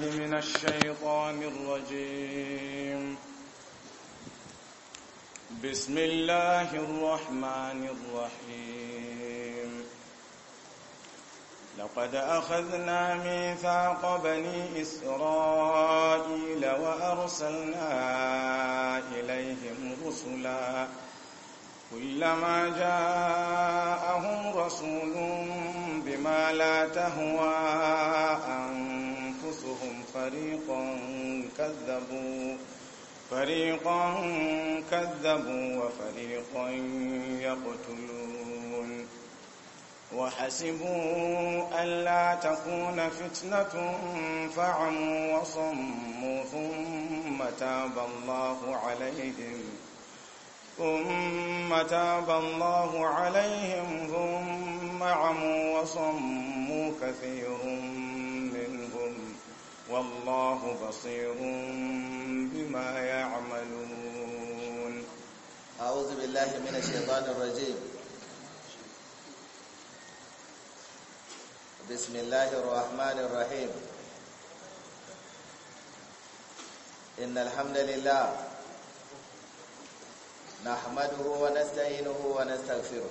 بالله من الشيطان الرجيم بسم الله الرحمن الرحيم لقد أخذنا ميثاق بني إسرائيل وأرسلنا إليهم رسلا كلما جاءهم رسول بما لا تهوى أن كذبوا فريقا كذبوا وفريقا يقتلون وحسبوا ألا تكون فتنة فعموا وصموا ثم تاب الله عليهم ثم تاب الله عليهم ثم عموا وصموا كثير والله بصير بما يعملون أعوذ بالله من الشيطان الرجيم بسم الله الرحمن الرحيم إن الحمد لله نحمده ونستعينه ونستغفره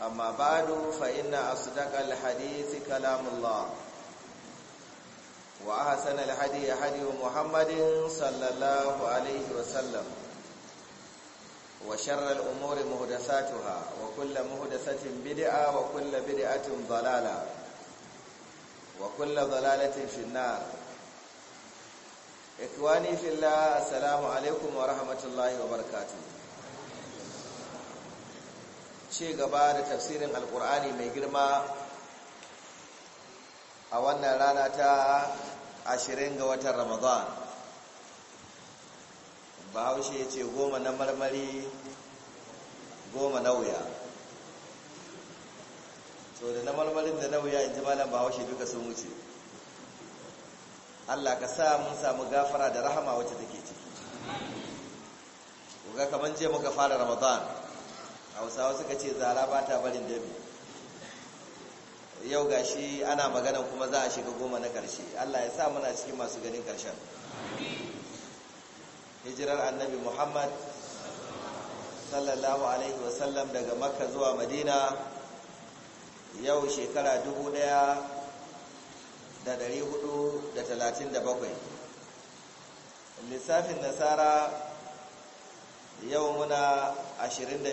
amma ba du fa’ina a su daga alhadisi kalamullah wa aha sana ya hadi wa muhammadin sallallahu alaihi wasallam wa sharar umori mahudasatu ha wa kulla mahudasatin bidi'a wa kulla bidi'atin zalala wa kulla zalalatin finnar ikwani fi la'asalamu alaikum wa rahmatullahi wa barakatuhu ce gaba da tafsirin alkur'ani mai girma a wannan rana ta ashirin ga watan ramadan bahaushe ya ce goma na marmari goma na wuya so da na marmarin da na wuya in ji malam bahaushe duka sun wuce allah ka sa mun samu gafara da rahama wacce take ciki ga kamar je muka fara ramadan hausawa suka ce zara ba ta barin dabi yau ga shi ana magana kuma za a shiga goma na ƙarshe allah ya sa muna cikin masu ganin ƙarshen hijirar annabi muhammad sallallahu alaihi wasallam daga makka zuwa madina yau shekara dubu ɗaya da dari hudu da talatin da bakwai lissafin nasara yau muna 25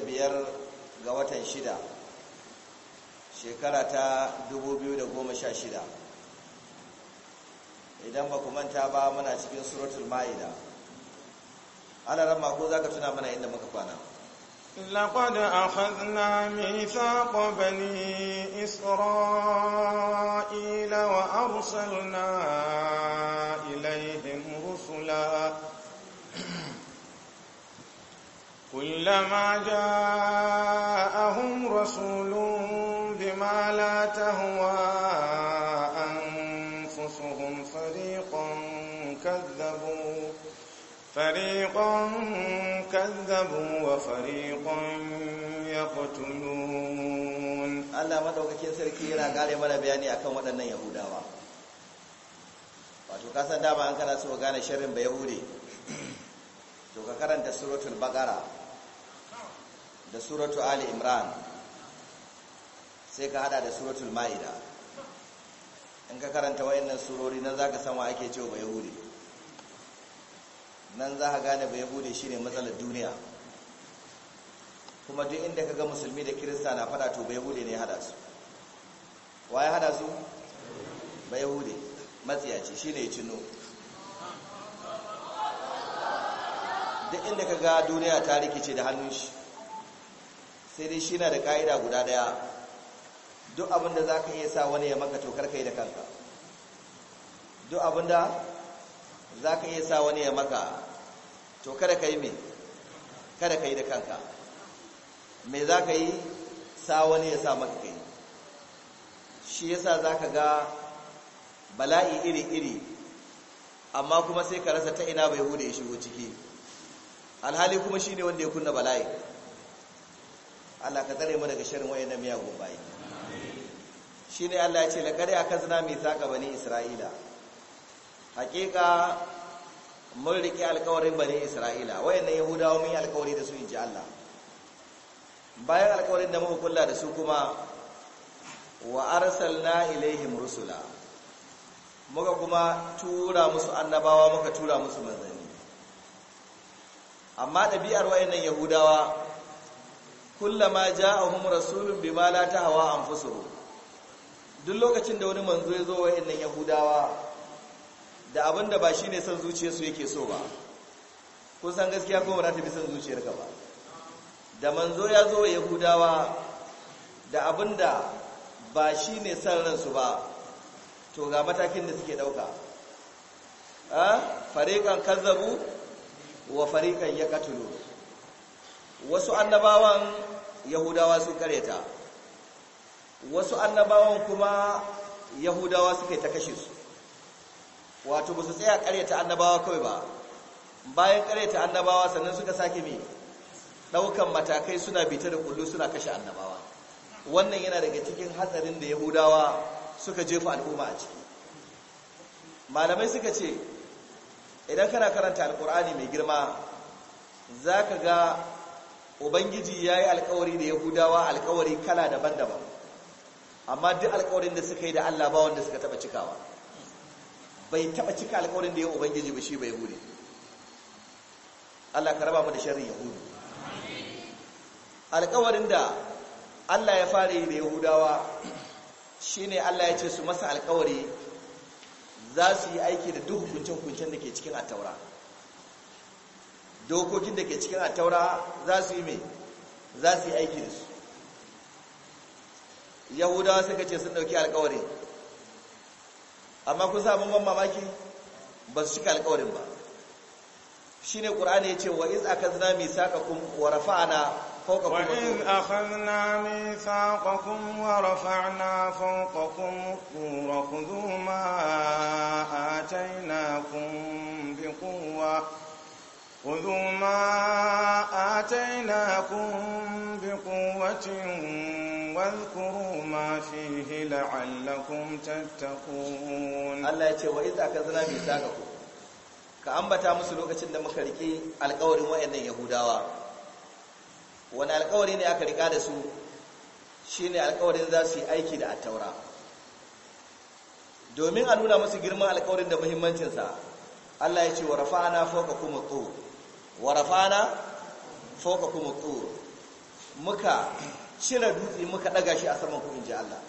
ga watan shida shekara ta 2016 idan ba ku manta ba muna cikin suratul ma'ida ana rama mako za ka tuna mana inda muka kwana لقد أخذنا ميثاق بني إسرائيل وأرسلنا إليه كلما جاءهم رسول بما لا تهوى أنفسهم فريقا كذبوا فريقا كذبوا وفريقا يقتلون الله مدوكاكين سركي yana gare Mara, bayani akan waɗannan yahudawa wato kasan dama an kana so gane shirin ba yahude to ka karanta suratul baqara da suratu ali imran sai ka hada da suratul ma'ida in ka karanta wayannan surori nan zaka san wa ake cewa yahudi nan za ka gane ba yahudi shine matsalar duniya kuma duk inda ka ga musulmi da kirista na fada to ba yahudi ne hada su waye hada su ba yahudi matsiyaci shine ya cino duk inda ka ga duniya ta rikice da hannun shi sai dai shi na da ka'ida guda daya duk abinda za ka iya sa wani ya maka tokar kai da kanka duk abinda za ka iya sa wani ya maka to kada ka yi mai kada ka yi da kanka mai za ka yi sa wani ya sa maka kai shi yasa za ka ga bala'i iri-iri amma kuma sai ka rasa ta ina bai hude shi shigo ciki alhali kuma shi ne wanda ya kunna bala'i Allah ka tsare mu daga shirin wayannan miyagun bayi ne Allah ya ce a laqad mai zaka bani isra'ila haƙiƙa mun riƙe alkawarin bani isra'ila wayannan yahudawa mun yi alƙawari da su ji Allah bayan alkawarin da muka kulla da su kuma wa arsalna ilaihim rusula muka kuma tura musu annabawa muka tura musu manzanni amma ɗabi'ar wayannan yahudawa Kulla kullama ja'ahum rasulun bima la hawa anfusuhum duk lokacin da wani manzo ya zo wa'annan yahudawa da abinda ba shine son zuciyarsu yake so ba ko san gaskiya ko ba ta bi son zuciyarka ba da manzo ya zo wa yahudawa da abinda ba shine son ransu ba to ga matakin da suke dauka a ah, fariqan kazzabu wa fariqan katulu. wasu annabawan yahudawa su kareta wasu annabawan kuma yahudawa suka yi ta kashe su wato ba su tsaya kareta annabawa kawai ba bayan kareta annabawa sannan suka sake mai ɗaukan matakai suna bita da kullu suna kashe annabawa wannan yana daga cikin hatsarin da yahudawa suka jefa al'umma a ciki malamai suka ce idan kana karanta alkur'ani mai girma za ka ga ubangiji ya yi alkawari da yahudawa alkawari kala daban-daban amma duk alkawarin da suka yi da allah ba wanda suka taba cikawa bai taba cika alkawarin da ya ubangiji ba shi bai yahudi allah ka raba mu da sharrin yahudu alkawarin da allah ya fara yi da yahudawa shine allah ya ce su masa alkawari za su yi aiki da duk hukuncin-hukuncin da ke cikin attaura dokokin da ke cikin a taura za su yi mai za su yi aiki da su yahudawa suka ce sun dauki alkawari amma kun samu ban mamaki ba su cika alkawarin ba shi ne ƙura'ani ya ce wa iz aka zina mai saƙaƙun wa rafa'ana fauƙaƙun wa iz aka zina mai saƙaƙun wa rafa'ana fauƙaƙun a خذوا ما آتيناكم بقوة واذكروا ما فيه لعلكم تتقون الله يتي وإذ أخذنا Ka ambata musu lokacin da muka rike alƙawarin wayannan Yahudawa wani alƙawari ne aka rika da su ne alƙawarin za su yi aiki da attaura domin a nuna musu girman alƙawarin da muhimmancinsa Allah ya ce wa rafa'ana fawqakum at-tur Warafana rafa'ana kuma tsoro muka cire dutse muka daga shi a saman ku inji Allah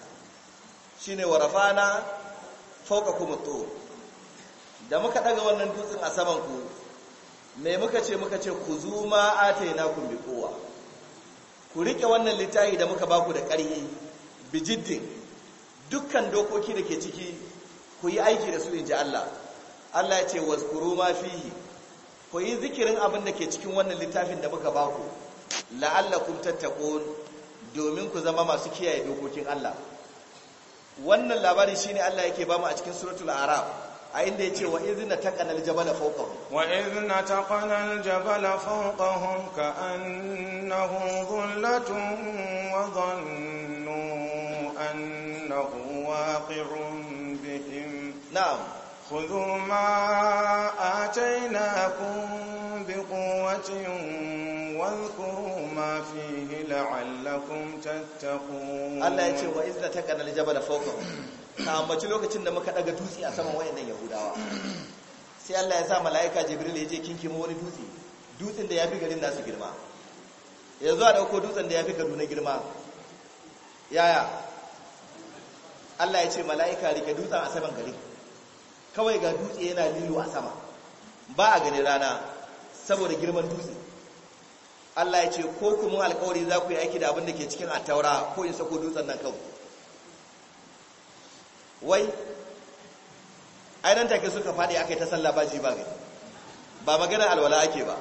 shi ne warafana fawqakum kuma tsoro da muka daga wannan dutsen a saman ku me muka ce muka ce ku zuma atainakum bi kowa ku rike wannan littafi da muka baku da ƙarfi bijiddin dukkan dokoki da ke ciki ku yi aiki da su inji Allah Allah ya ce wasu ma fihi Koyi zikirin abin da ke cikin wannan littafin da muka baku la'allakum tattaqun domin ku zama masu kiyaye dokokin Allah wannan labari shine Allah yake bamu a cikin suratul araf a inda yace wa izna taqanal jabala fawqahum wa idhna taqanal jabala fawqahum ka'annahu dhullatun wa dhannu annahu waqi'un bihim na'am خذوا ما آتيناكم بقوة واذكروا ما فيه لعلكم تتقون الله يتي وإذ لتقنا الجبل فوقهم ambaci lokacin da muka daga dutse a saman wayannan yahudawa sai Allah ya sa malaika jibril ya je kinkimo wani dutse dutsen da ya fi garin nasu girma Ya yanzu da dauko dutsen da ya fi yafi na girma yaya Allah ya ce malaika rike dutsen a saman garin kawai ga dutse yana lilo a sama ba a gani rana saboda girman dutse Allah ya ce ko kuma alkawari za ku yi aiki da abin da ke cikin attaura ko in sako dutsen nan kawai wai ainihin take suka faɗi aka yi ta sallah ba ji ba gai ba magana alwala ake ba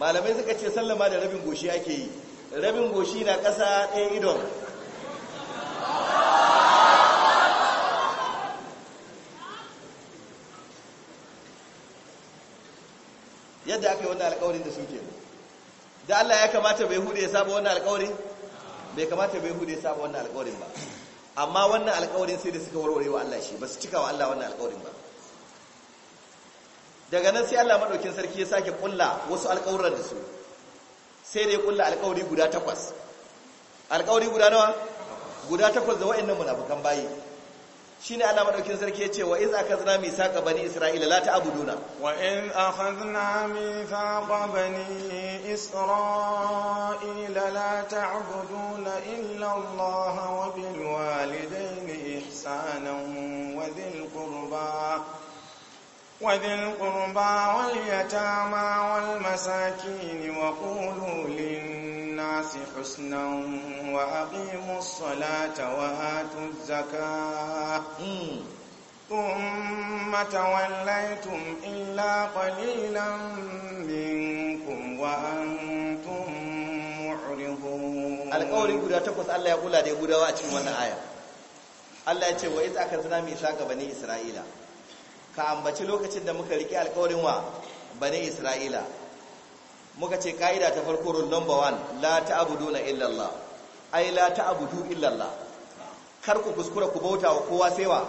malamai suka ce sallama da rabin goshi ake yi rabin goshi na ƙasa ɗaya idon yadda aka yi wannan alƙawarin da suke da Allah ya kamata bai hude ya saba wannan alƙawarin bai kamata bai hude ya saba wannan alƙawarin ba amma wannan alƙawarin sai da suka warware wa Allah shi ba su cika wa Allah wannan alƙawarin ba daga nan sai Allah madaukin sarki ya sake kulla wasu alƙawuran da su sai da ya kulla alƙawari guda takwas alƙawari guda nawa guda takwas da wa'annan munafukan bayi shine Allah madaukin sarki yace wa iz akhadna mithaqa bani isra'ila la ta'buduna wa in akhadna mithaqa bani isra'ila la ta'buduna illa Allah wa bil walidayni ihsanan wa dhil qurba وذي القربى واليتامى الناس حسنا وأقيموا الصلاة وآتوا الزكاة ثم توليتم إلا قليلا منكم وأنتم معرضون القول يقول تقص الله يقول هذا يقول وأتم وانا آية الله يقول وإذ أخذنا ميثاق بني إسرائيل ka ambaci lokacin da muka riƙe alƙawarin wa bani isra'ila muka ce ka'ida ta farko rule number 1 la ta'buduna illa Allah ai la ta'budu illa Allah kar ku kuskura ku bauta wa kowa sai wa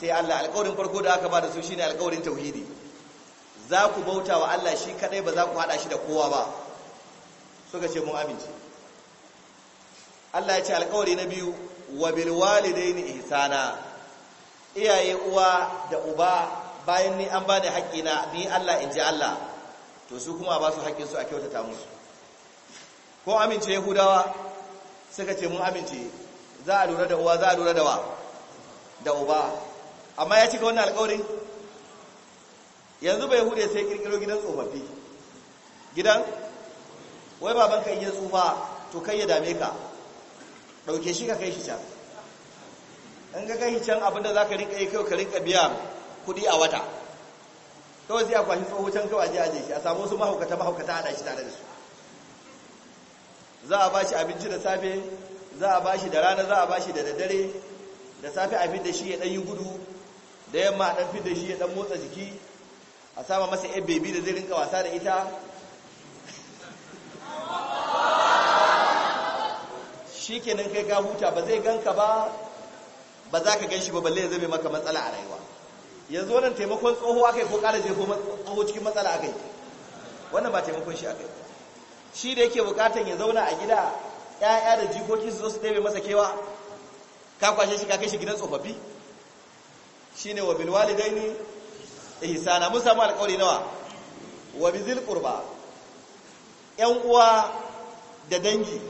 sai Allah alƙawarin farko da aka ba da su shine alƙawarin tauhidi za ku bauta wa Allah shi kadai ba za ku hada shi da kowa ba suka ce mun amince Allah ya ce alƙawari na biyu wa bil walidaini ihsana iyaye uwa da uba bayan ni an bani haƙƙina ni Allah in ji Allah to su kuma ba su su a kyautata musu ko amince yahudawa suka ce mun amince za a lura da uwa za a lura da wa da uba amma ya cika wannan alƙawarin yanzu bai ya sai kirkiro gidan tsofaffi gidan wai baban ka iya tsufa to kai ya dame ka ɗauke shi ka kai shi can in ka kai shi can abinda za ka rinka yi kai ka rinka biya kuɗi a wata kawai zai a tsoho can kawai zai aje shi a samu wasu mahaukata mahaukata a shi tare da su za a bashi abinci da safe za a bashi da rana za a bashi da daddare da safe a da shi ya dan gudu da yamma a dan da shi ya dan motsa jiki a sama masa yan bebi da zai rinka wasa da ita shi kenan kai ka huta ba zai ganka ba ba za ka gan shi ba balle ya zame maka matsala a rayuwa yanzu wannan taimakon tsoho yi ko ƙara jefo tsoho cikin matsala akai wannan ba taimakon shi yi shi da yake bukatan ya zauna a gida ƴaƴa da jikoki su zo su ɗebe masa kewa ka kwashe shi ka kai shi gidan tsofaffi Shi shine wa bil walidaini ihsana mun samu alƙawari nawa wa zil qurba ƴan uwa da dangi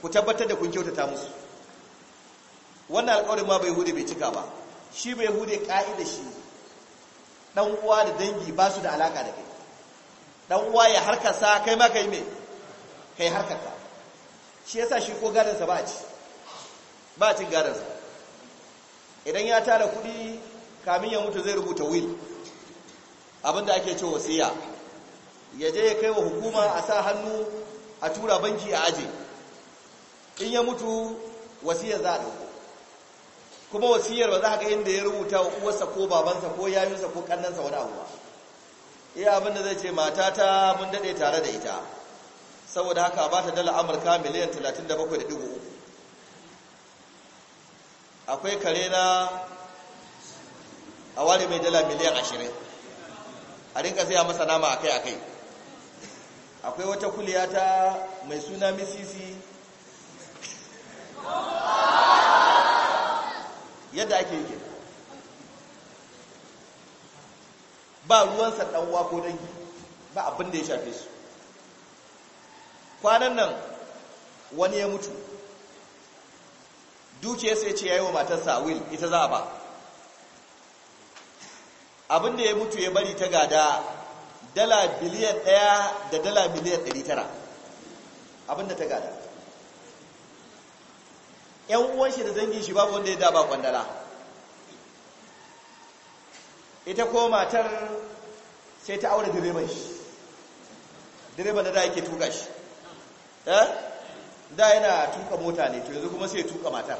ku tabbatar da kun kyautata musu wannan alƙawarin ma bai hude bai cika ba shi bai hude ka'ida shi dan uwa da dangi ba su da alaka da kai dan uwa ya harkarsa kai ma kai me kai harkarka shi yasa shi ko gadansa ba a ci ba a cin gadansa idan ya tara kuɗi, kamin ya mutu zai rubuta will abinda ake ce wasiya ya je ya kai wa hukuma a sa hannu a tura banki a aje in ya mutu wasiya za a ɗauko. kuma wasiyar ba za ka inda ya rubuta wa uwarsa ko babansa ko yayinsa ko kannansa wani abu ba iya abin da zai ce mata ta mun daɗe tare da ita saboda haka ba ta dala amurka miliyan 37.3 akwai kare na a ware mai dala miliyan 20 a rinka zai masa nama akai-akai akwai wata kuliya ta mai suna misisi yadda ake yi ba ruwansa ɗanwa ko dangi ba abin da ya shafe su kwanan nan wani ya mutu dukiya sai ce ya yi wa matarsa will ita za a ba abin da ya mutu ya bari ta gada dala biliyan ɗaya da dala miliyan ɗari tara abin da ta gada yan uwan shi da zangin shi babu wanda ya daba kwandala ita ko matar sai ta aure direban shi direban da da yake tuka shi eh? da yana tuka mota ne to yanzu kuma sai tuka matar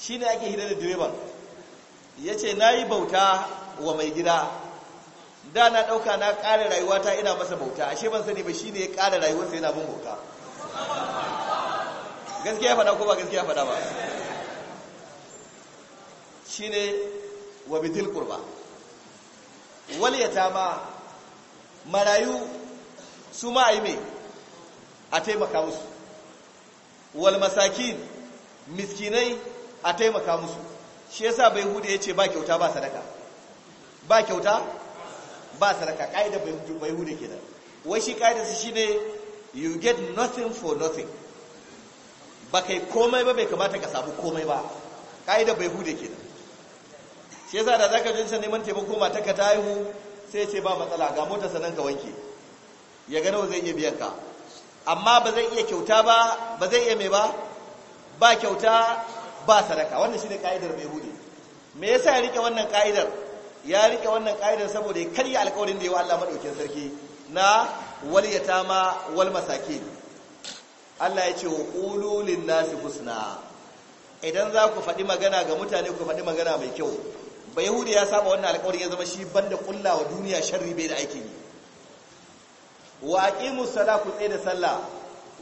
shi ne ake hidar da direban ya ce na yi bauta wa mai gida da na ɗauka na ƙara rayuwata ina masa bauta ashe ban sani ba shi ne ya ƙara rayuwarsa yana bin bauta gaskiya faɗa ko ba gaskiya faɗa ba shi ne wa bidil ƙurba waliyata ma marayu su ma a me a taimaka musu wal masakin miskinai a taimaka musu shi yasa bai hude ya ce ba kyauta ba sadaka ba kyauta ba sadaka kaida bai hude kenan wai shi kaida su ne you get nothing for nothing ba kai komai ba bai kamata ka samu komai ba kaida bai hude kenan shi yasa da zaka jinsa neman taimako ta ka haihu sai ce ba matsala ga mota sanan ka wanke ya gano nawa zai iya biyan ka amma ba zai iya kyauta ba ba zai iya mai ba ba kyauta ba sadaka wannan shi ne kaidar bai hude me yasa ya rike wannan kaidar ya rike wannan ƙa'idar saboda ya karya alkawarin da ya wa Allah madaukin sarki na wal ma wal masakin Allah ya ce wa ƙulolin nasi husna idan za ku faɗi magana ga mutane ku faɗi magana mai kyau ba yahudu ya saba wannan alkawarin ya zama shi banda ƙulla wa duniya sharri bai da aikin yi wa aqimus sala ku tsaye da sallah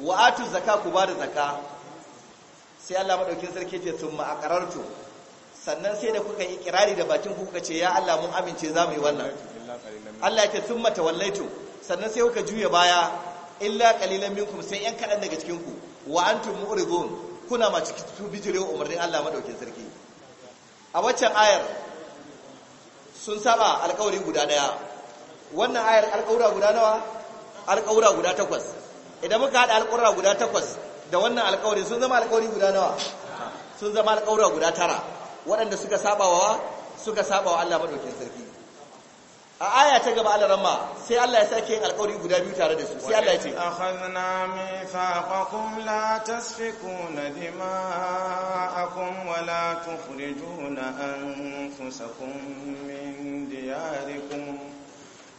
wa atu ku ba da zaka sai Allah maɗaukin sarki ya ce sun aqrartu sannan sai da kuka yi kirari da bakin kuka ce ya Allah mun amince za mu yi wannan Allah ya sun mata wallaitu sannan sai kuka juya baya illa qalilan minkum sai yan kaɗan daga cikin ku wa antum mu'ridun kuna ma cikin su bijire umarnin Allah madaukin sarki a waccan ayar sun saba alƙawari guda daya wannan ayar alƙawura guda nawa alƙawura guda takwas idan muka haɗa alƙawura guda takwas da wannan alƙawari sun zama alƙawari guda nawa sun zama alƙawura guda tara waɗanda suka sabawa suka sabawa Allah madaukakin sarki a aya ta gaba Allah ramma sai Allah ya sake yin alƙawari guda biyu tare da su sai Allah ya ce akhadna mithaqakum la tasfikuna dima'akum wa la tukhrijuna anfusakum min diyarikum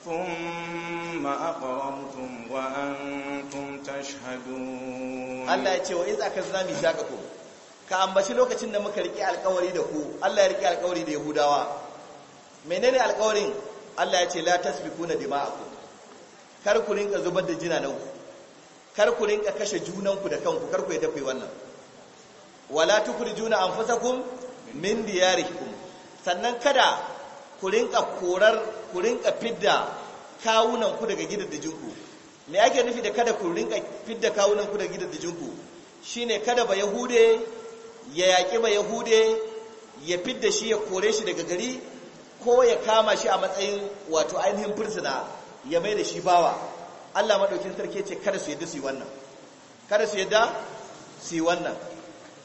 ثم أقررتم وأنتم تشهدون الله يقول وإذ أكذنا ميثاقكم ka ambaci lokacin da muka riƙe alƙawari da ku Allah ya riƙe alƙawari da Yahudawa menene alƙawarin Allah ya ce la tasbikuna dimaku. kar ku rinka zubar da jinananku kar ku rinka kashe junanku da kanku kar ku yi dafe wannan wala tukrijuna anfusakum min diyarikum sannan kada ku rinka korar ku rinka fidda kawunan ku daga gidajenku me ake nufi da kada ku rinka fidda kawunan ku daga gidajenku shine kada ba yahude ya yaƙi ba yahude ya fidda shi ya kore shi daga gari ko ya kama shi a matsayin wato ainihin fursuna ya mai da shi bawa Allah maɗaukin sarki ce kada su yadda su yi wannan kada su yadda su yi wannan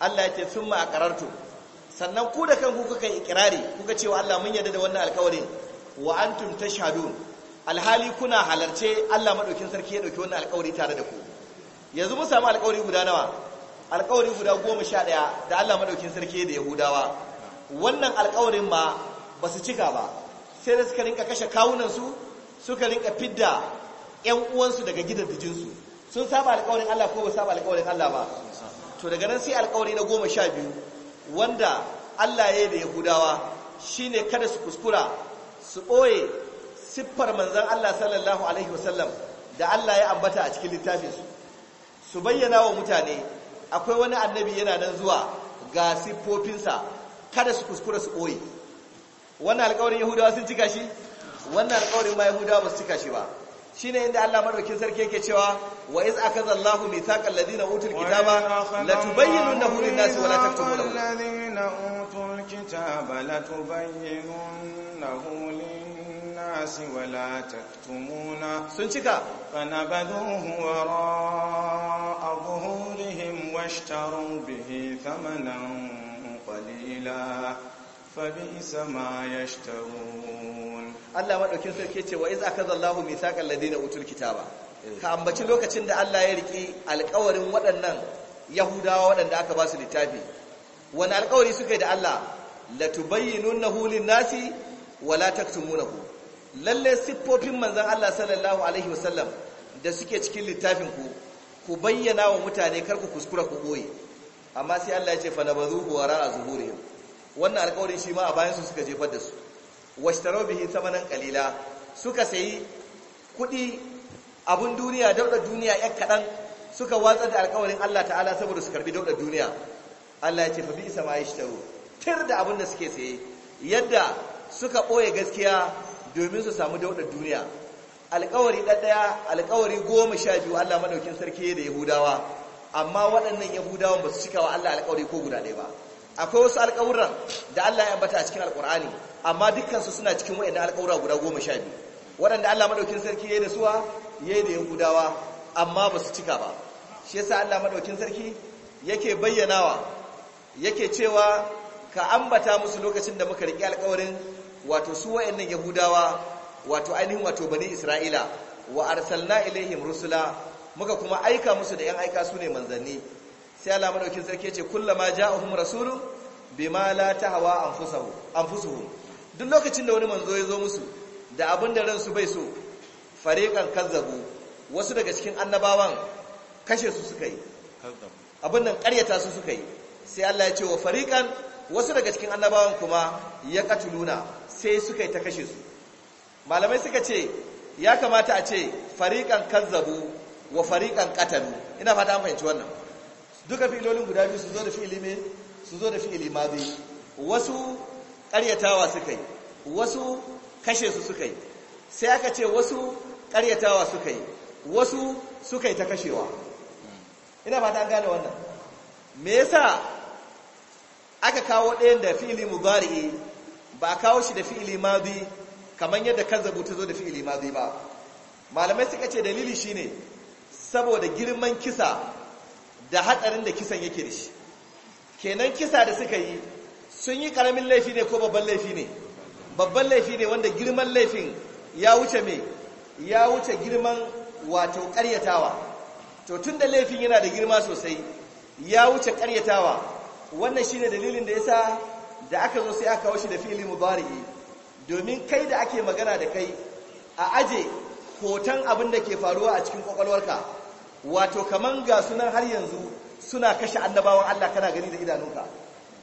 Allah ya ce sun ma a ƙararto sannan ku da kanku kuka yi ikirari kuka cewa Allah mun yadda da wannan alkawarin wa ta shadun alhali kuna halarce Allah maɗaukin sarki ya ɗauki wannan alkawari tare da ku yanzu mun samu alkawari guda nawa alkawari guda goma sha ɗaya da Allah maɗaukin sarki da Yahudawa wannan alkawarin ma ba su cika ba sai da suka rinka kashe kawunansu suka rinka fidda ‘yan uwansu daga gidajensu sun saba alkawarin Allah ko ba saba alkawarin Allah ba to daga nan sai alkawari na goma sha biyu wanda Allah ya yi da Yahudawa shine kada su kuskura su ɓoye siffar manzan Allah sallallahu alaihi wasallam da Allah ya ambata a cikin littafinsu su bayyana wa mutane akwai wani annabi yana nan zuwa ga siffofinsa kada su kuskura su ɓoye wannan alƙawarin yahudawa sun cika shi wannan alkawarin ma yahudawa ba su cika shi ba Shi ne inda Allah madaukakin sarki yake cewa wa iz zallahu Allahu mithaqal ladina utul kitaba latubayyinunahu lin-nasi wa la taktumunahu الناس ولا تكتمون سنتك فنبذوه وراء ظهورهم واشتروا به ثمنا قليلا فبئس ما يشترون الله ما دوkin sarki ce wa iz akaza Allahu mithaqal ladina utul kitaba ka ambaci lokacin da Allah ya riki alƙawarin waɗannan Yahudawa waɗanda aka ba su littafi wani alƙawari suka yi da Allah latubayyinunnahu lin-nasi wala taktumunahu lalle siffofin manzan Allah sallallahu alaihi wasallam da suke cikin littafin ku ku bayyana wa mutane kar ku kuskura ku boye amma sai Allah ya ce fa nabazuhu ra'a zuhurihim wannan alƙawarin shi ma a bayan su suka jefar da su washtaraw bihi samanan qalila suka sayi kuɗi abun duniya dauda duniya yak kadan suka watsa da alƙawarin Allah ta'ala saboda su karbi dauda duniya Allah ya ce fa bi isa yashtaru tir da abun da suke saye yadda suka boye gaskiya domin su samu daudar duniya alkawari ɗaya alkawari goma sha biyu Allah maɗaukin sarki da yahudawa amma waɗannan yahudawan ba su cika wa Allah alkawari ko guda ɗaya ba akwai wasu alkawura da Allah ya ambata a cikin alkur'ani amma dukkansu suna cikin waɗannan alkawura guda goma sha biyu waɗanda Allah maɗaukin sarki ya yi da suwa ya yi da yahudawa amma ba su cika ba shi yasa Allah maɗaukin sarki yake bayyanawa yake cewa ka ambata musu lokacin da muka riƙe alkawarin wato su wayannan yahudawa wato ainihin wato bani isra'ila wa arsalna ilaihim rusula muka kuma aika musu da yan aika su ne manzanni sai Allah madaukin sarki ce kullama ja'ahum rasulun bima la tahwa anfusuhum anfusuhum duk lokacin da wani manzo ya zo musu da abin da ransu bai so fariqan kazzabu wasu daga cikin annabawan kashe su suka yi abin nan ƙaryata su suka yi sai Allah ya ce wa fariqan wasu daga cikin annabawan kuma ya katuluna sai suka yi ta kashe su malamai suka ce ya kamata a ce fariƙan kazzabu wa fariƙan ƙatanu. ina fata an fahimci wannan duka fi'ilolin guda biyu su zo da fi'ili me su zo da fi'ili mazi wasu ƙaryatawa suka yi wasu kashe su suka yi sai aka ce wasu ƙaryatawa suka yi wasu suka yi ta kashewa ina fata an gane wannan me yasa aka kawo ɗayan da fi'ili mubari'i ba a kawo shi da fi'ili madhi kamar yadda kanzabu ta zo da fi'ili madhi ba malamai suka ce dalili shi ne saboda girman kisa da hatsarin da kisan yake da shi kenan kisa da suka yi sun yi karamin laifi ne ko babban laifi ne babban laifi ne wanda girman laifin ya wuce me ya wuce girman wato karyatawa to tunda laifin yana da girma sosai ya wuce karyatawa wannan shi ne dalilin da ya sa. da aka zo sai aka kawo shi da fili mudari'i domin kai da ake magana da kai a aje hoton abin da ke faruwa a cikin kwakwalwarka wato kaman ga sunan har yanzu suna kashe annabawan Allah kana gani da idanunka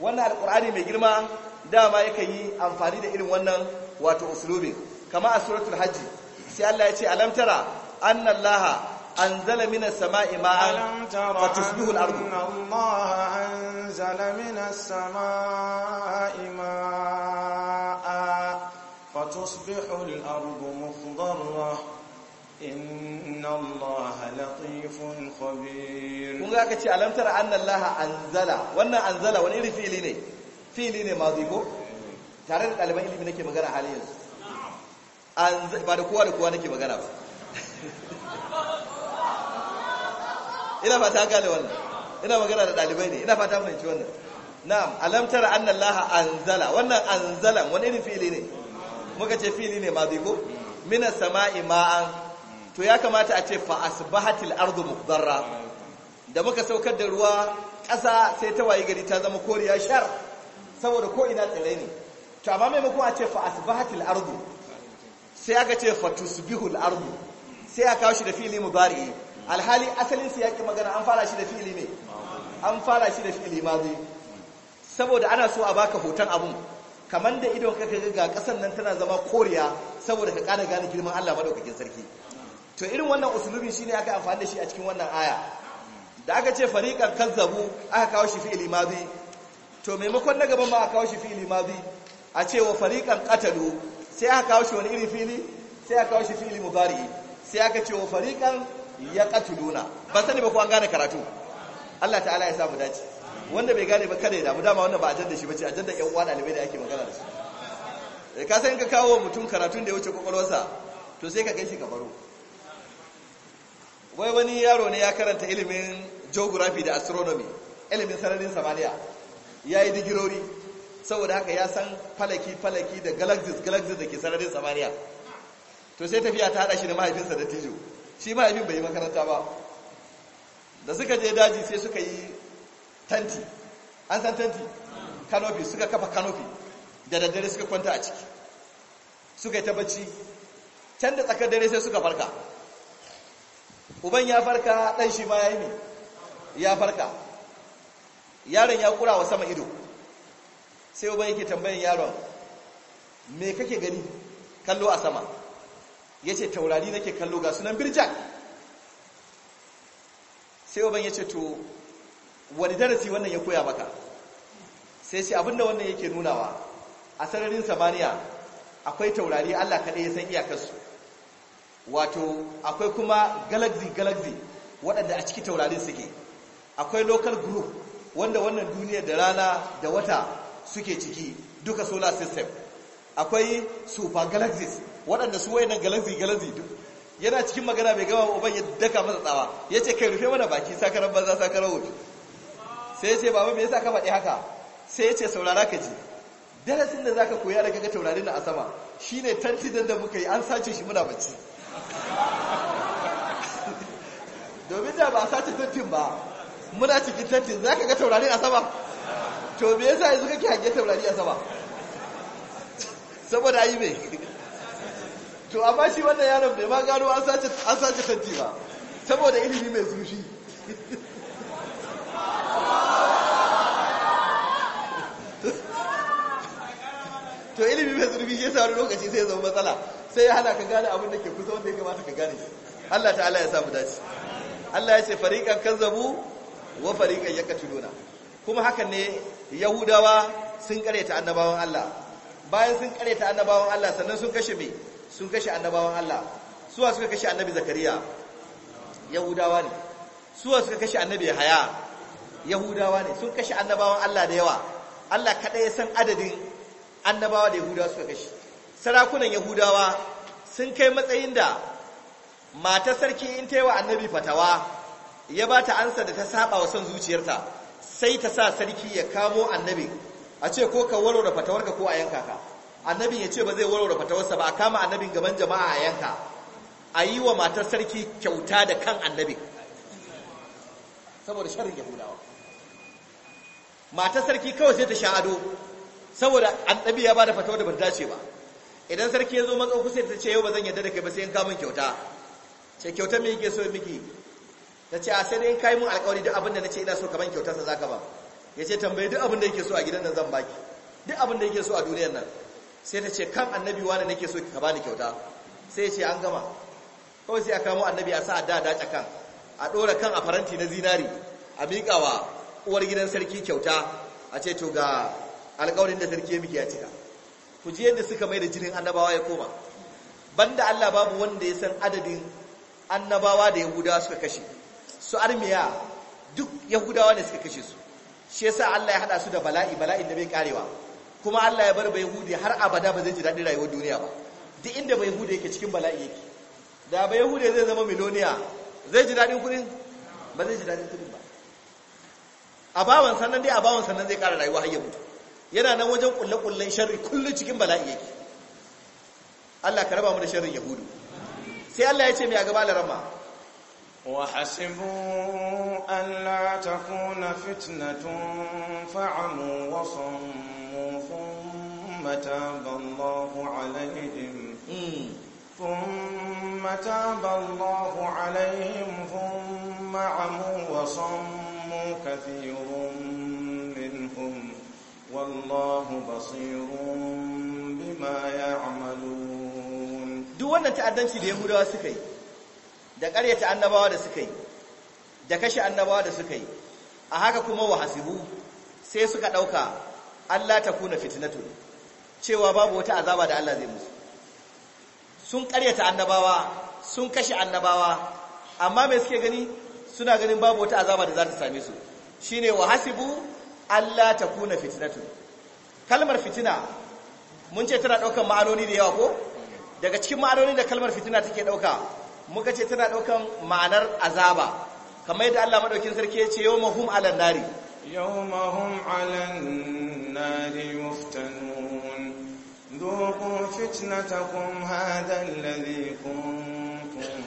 wannan alkur'ani mai girma dama yakan yi amfani da irin wannan wato uslubin kama a suratul hajji sai Allah ya ce alam tara annallaha. أنزل من السماء ماء فتصبح الأرض أن الله أنزل من السماء ماء فتصبح الأرض مخضرة إن الله لطيف خبير anzala wannan anzala wani irin fi'ili ne fi'ili ne tare da ɗaliban ilimi nake magana ba da kowa da kowa nake magana ba ina fata gane wannan ina magana da dalibai ne ina fata fahimci wannan na'am alam tara anna allaha anzala wannan anzala wani irin fili ne muka ce fili ne mazi ko minas sama'i ma'an to ya kamata a ce fa asbahatil ardu mukhdarra da muka saukar da ruwa ƙasa sai ta wayi gari ta zama koriya shar saboda ko ina tsirrai ne to amma maimakon a ce fa asbahatil ardu sai aka ce fa tusbihul ardu sai aka kawo shi da fili mudari alhali asalin siyaki magana an fara shi da fili ne an fara shi da fili ma zai saboda ana so a baka hoton abun kamar da idon ka ga kasan nan tana zama koriya saboda ka ƙara gane girman Allah madaukakin sarki to irin wannan usulubin shine aka amfani da shi a cikin wannan aya da aka ce fariqan kazzabu aka kawo shi fi'ili zai to maimakon na gaban ma aka kawo shi fi'ili zai a ce wa fariqan qatalu sai aka kawo shi wani irin fili sai aka kawo shi fi'ili mudari sai aka ce wa fariqan ya katuluna ba sani ba ko an gane karatu Allah ta'ala ya samu dace wanda bai gane ba kada ya damu dama wanda ba ajanda shi bace ajanda yan uwa dalibai da ake magana da su eh, ka san ka kawo mutum karatun da ya wuce kwakwalwarsa to sai ka kai shi ka baro wai wani yaro ne ya karanta ilimin geography da astronomy ilimin sararin samaniya ya yi digirori saboda haka ya san falaki-falaki da galaxies galaxies da ke sararin samaniya to sai tafiya ta haɗa shi da mahaifinsa da tijo shi mahaifin bai yi makaranta ba da suka je daji sai suka yi tanti an san tanti kanofi suka kafa kanofi da daddare suka kwanta a ciki suka yi ta can da tsakar dare sai suka farka uban ya farka ɗan shi ma ya yi ne ya farka yaron ya kura wa sama ido sai uban yake tambayin yaron me kake gani kallo a sama ya ce taurari nake kallo ga sunan birjak sai oban ya ce to wani darasi wannan ya koya maka sai ce abinda wannan yake nunawa a sararin samaniya akwai taurari allah kaɗai ya san iyakarsu wato akwai kuma galaxy galaxy waɗanda a ciki taurarin suke akwai local group wanda wannan duniyar da rana da wata suke ciki duka solar system akwai super galaxies waɗanda su wayanan galaxy galaxy duk yana cikin magana mai gama uban ya daga masa tsawa ya ce kai rufe mana baki sakarar banza sakarar wuce sai ya ce baba me yasa ka faɗi haka sai ya ce saurara ka ji darasin da za ka koya da kaga taurarin na a sama shine tantidan da muka yi an sace shi muna bacci domin da ba a sace tantin ba muna cikin tantin ka ga taurarin a sama to me yasa yanzu kake hange taurari a sama saboda yi mai to amma shi wannan yaron bai ma gano an sace tanti ba saboda ilimi mai zurfi to ilimi mai zurfi ya sa lokaci sai ya zama matsala sai ya hana ka gane abin da ke kusa wanda ya kamata ka gane Allah ta'ala ya samu dace Allah ya ce fariqan kazzabu wa fariqan yaqtuluna kuma hakan ne yahudawa sun kareta annabawan Allah bayan sun kareta annabawan Allah sannan sun kashe me sun kashe annabawan Allah suwa suka kashe annabi zakariya yahudawa ne suwa suka kashe annabi haya yahudawa ne sun kashe annabawan Allah da yawa Allah kaɗai ya san adadin annabawa da yahudawa suka kashe sarakunan yahudawa sun kai matsayin da mata sarki in ta yi wa annabi fatawa ya ba ta ansa da ta saba wa son zuciyarta sai ta sa sarki ya kamo annabi a ce ko ka warware fatawarka ko a yanka ka annabin ya ce ba zai warware fatawarsa ba a kama annabin gaban jama'a a yanka a yi wa matar sarki kyauta da kan annabin saboda sharin yahudawa matar sarki kawai sai ta sha ado saboda annabi ya bada fatawa da ba dace ba idan sarki ya zo matsa kusa ta ce yau ba zan yarda da kai ba sai in kamun kyauta ce kyauta me yake so miki ta ce a sai dai in kai mun alƙawari duk abin da nace ina so ka ban kyauta sa zaka ba ya ce tambayi duk abin da yake so a gidan nan zan baki duk abin da yake so a duniyar nan sai ta ce kan annabi wani nake so ka bani kyauta sai ya ce an gama kawai sai a kamo annabi a sa a da dace kan a dora kan a faranti na zinari a miƙa wa uwar gidan sarki kyauta a ce to ga alƙawarin da sarki ya miki ya cika ku ji yadda suka mai da jinin annabawa ya koma banda Allah babu wanda ya san adadin annabawa da yahudawa suka kashe su armiya duk yahudawa ne suka kashe su shi yasa Allah ya hada su da bala'i bala'in da bai karewa kuma Allah ya bar bayhudi har abada ba zai ji dadin rayuwar duniya ba duk inda bayhudi yake cikin bala'i yake da bayhudi zai zama miloniya zai ji dadin kudin ba zai ji dadin kudin ba a bawan sannan dai a bawan sannan zai kara rayuwa har ya mutu yana nan wajen kullakullan sharri kullu cikin bala'i yake Allah ka raba mu da sharrin yahudu sai Allah ya ce mai a gaba rama وحسبوا ألا تكون فتنة فعموا وصموا ثم تاب الله عليهم ثم تاب الله عليهم ثم عموا وصموا كثير منهم والله بصير بما يعملون دون تعدنتي اليهود وسكي da ƙaryata annabawa da suka yi da kashe annabawa da suka yi a haka kuma wa hasibu sai suka ɗauka Allah ta kuna fitinatu cewa babu wata azaba da Allah zai musu sun ƙaryata annabawa sun kashe annabawa amma mai suke gani suna ganin babu wata azaba da za ta same su shine wa hasibu Allah ta kuna fitinatu kalmar fitina mun ce tana ɗaukar ma'anoni da yawa ko daga cikin ma'anoni da kalmar fitina take ɗauka muka ce tana ɗaukan ma'anar azaba kamar yadda Allah madaukin sarki ya ce yau mahum alan nari yau mahum alan nari yuftanun ذوقوا فتنتكم هذا bihi كنتم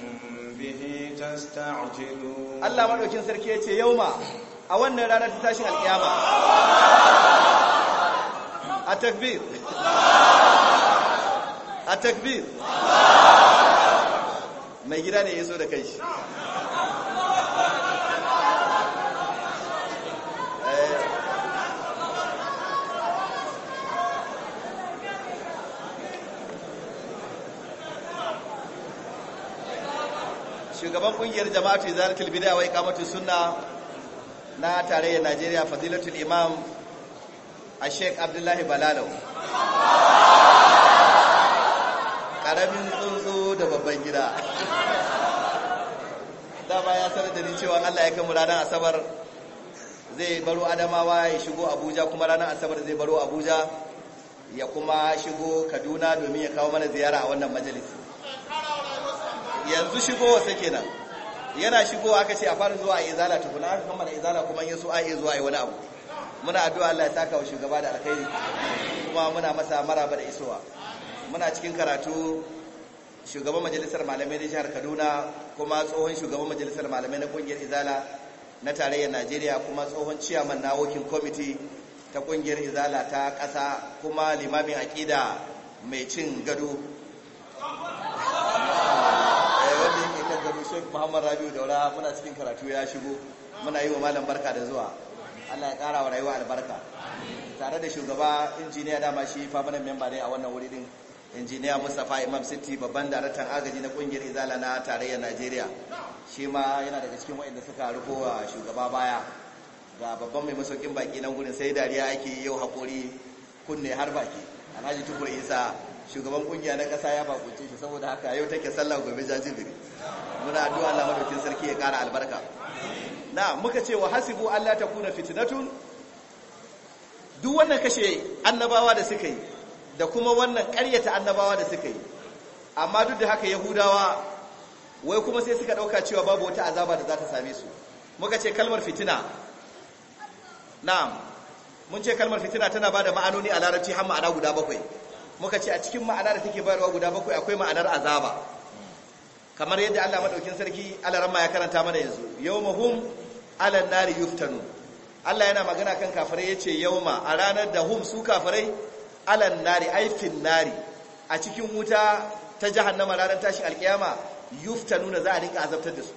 Allah تستعجلون sarki ya ce yace yauma a wannan rana ta tashin alkiyama a takbir a takbir mai gida ne ya so da kai shi eh. shugaban kungiyar jama'atu izalatul bid'a wa iqamatu sunna na tarayyar Najeriya fadilatul imam a sheik Abdullahi Balalau. karamin gida dama ya sanar da ni cewa Allah ya kama ranar asabar zai baro adamawa ya shigo abuja kuma ranar asabar zai baro abuja ya kuma shigo kaduna domin ya kawo mana ziyara a wannan majalisi yanzu shigo wasu kenan yana shigo aka ce a fara zuwa a izala tukuna aka kammala izala kuma yin su a iya zuwa a wani abu muna addu'a Allah ya saka wa shugaba da alkhairi kuma muna masa maraba da isowa muna cikin karatu shugaban majalisar malamai na jihar kaduna kuma tsohon shugaban majalisar malamai na kungiyar izala na tarayyar najeriya kuma tsohon ciyaman na working committee ta kungiyar izala ta kasa kuma limamin akida mai cin gado eh, wanda yake kan gado shek muhammad daura muna cikin karatu ya shigo muna yi wa malam barka da zuwa allah ya ƙara wa rayuwa albarka tare da shugaba injiniya dama shi famanin memba ne a wannan wuri din injiniya mustapha imam city babban daraktan agaji na kungiyar izala na tarayyar najeriya shi ma yana daga cikin waɗanda suka rufowa shugaba baya ga babban mai masaukin baki nan gudun sai dariya ake yau haƙuri kunne har baki alhaji tukur isa shugaban kungiya na ƙasa ya bakunce shi saboda haka yau take sallah gobe jajibiri muna addu'a Allah madaukin sarki ya ƙara albarka na muka ce wa hasibu Allah ta kuna fitnatun duk wannan kashe annabawa da suka yi da kuma wannan ƙaryata annabawa da suka yi amma duk da haka yahudawa wai kuma sai suka ɗauka cewa babu wata azaba da za ta same su muka ce kalmar fitina na'am mun ce kalmar fitina tana ba da ma'anoni a larabci har ma'ana guda bakwai muka ce a cikin ma'ana da take bayarwa guda bakwai akwai ma'anar azaba kamar yadda Allah madaukin sarki alaramma ya karanta mana yanzu hum, alan nari yuftanu Allah yana magana kan kafirai yace yawma a ranar da hum su kafirai alan nari aifin nari a cikin wuta ta jahannama ranar tashin alkiyama yuftanuna za a dinka azabtar da su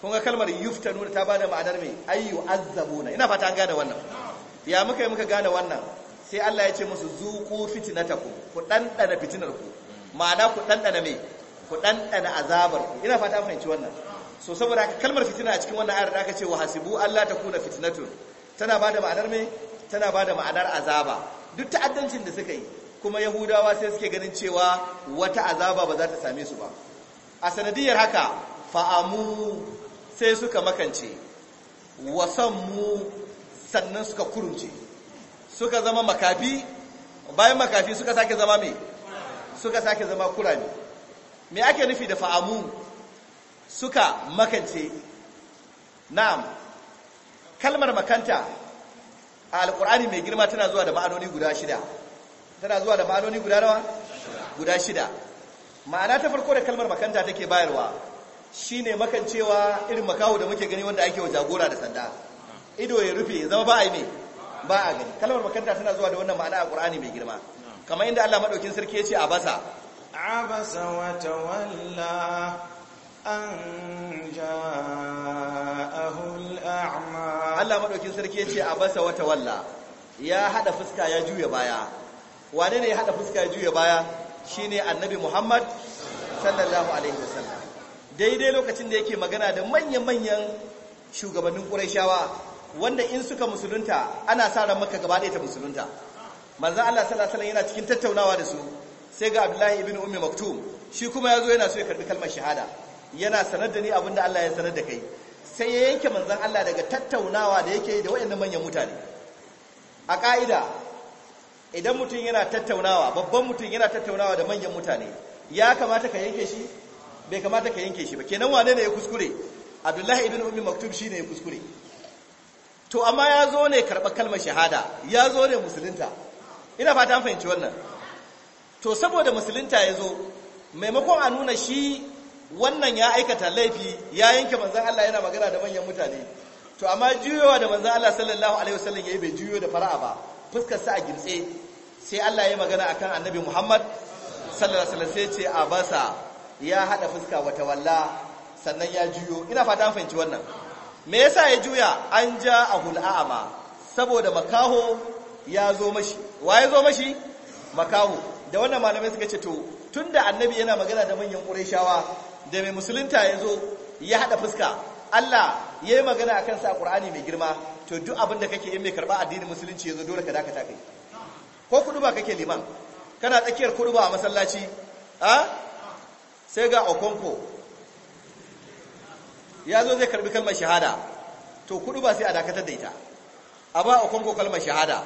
kun ga kalmar yuftanuna ta bada ma'anar mai ayyu azzabuna ina fata an gane wannan ya muka yi muka gane wannan sai Allah ya ce musu zuku fitinata ku ku dandana fitinar ku ma'ana ku dandana me ku dandana azabar ku ina fata an fahimci wannan so saboda haka kalmar fitina a cikin wannan ayar da aka ce wa hasibu Allah ta kuna fitinatu tana bada ma'anar me tana bada ma'anar azaba duk ta'addancin da suka yi kuma yahudawa sai suke ganin cewa wata azaba ba za ta same su ba a sanadiyar haka fa'amu sai suka makance wasanmu sannan suka kurunce suka zama makafi bayan makafi suka sake zama mai suka sake zama kurami me ake nufi da fa'amu suka makance na'am kalmar makanta a alkur'ani mai girma tana zuwa da ma'anoni guda shida tana zuwa da ma'anoni guda nawa guda shida ma'ana ta farko da kalmar makanta take bayarwa shine makancewa irin makaho da muke gani wanda ake wa jagora da sanda ido ya rufe ya zama ba a yi ne ba a gani kalmar makanta tana zuwa da wannan ma'ana a qur'ani mai girma kamar inda Allah madaukin sarki ya ce a basa abasa wa tawalla an Allah maɗaukin sarki ce a basa wata walla ya haɗa fuska ya juya baya wane ne ya haɗa fuska ya juya baya shine annabi Muhammad sallallahu alaihi wasallam daidai lokacin da yake magana da manyan-manyan shugabannin Qurayshawa wanda in suka musulunta ana sa ran maka gaba ɗaya ta musulunta manzo Allah sallallahu alaihi yana cikin tattaunawa da su sai ga Abdullahi ibn Ummi Maktum shi kuma yazo yana so ya karbi kalmar shahada yana sanar da ni abinda Allah ya sanar da kai sai ya yanke manzon Allah daga tattaunawa da yake da wayannan manyan mutane a ka'ida idan mutum yana tattaunawa babban mutum yana tattaunawa da manyan mutane ya kamata ka yanke shi bai kamata ka yanke shi ba kenan wane ne ya kuskure abdullahi ibn ummi maktub shine ya kuskure to amma ya zo ne karɓar kalmar shahada ya zo ne musulunta ina fata an fahimci wannan to saboda musulunta ya zo maimakon a nuna shi wannan ya aikata laifi ya yanke manzan Allah yana magana da manyan mutane to amma juyowa da manzan Allah sallallahu alaihi wasallam yi bai juyo da fara'a ba fuskar sa a girtse sai Allah ya magana akan annabi Muhammad sallallahu alaihi wasallam sai ce a basa ya hada fuska wata walla sannan ya juyo ina fata fahimci wannan me yasa ya juya an ja a ma. saboda makaho ya zo mashi wa ya zo mashi makaho da wannan malamai suka ce to tunda annabi yana magana da manyan ƙurayshawa da mai musulunta ya zo ya haɗa fuska Allah ya yi magana a kansa a ƙur'ani mai girma to duk abin da kake yin mai karɓa addinin musulunci ya zo dole ka dakata kai ko kudu ba kake liman kana tsakiyar kudu ba a masallaci a sai ga okonko ya zo zai karɓi kalmar shahada to kudu ba sai a dakatar da ita a ba okonko kalmar shahada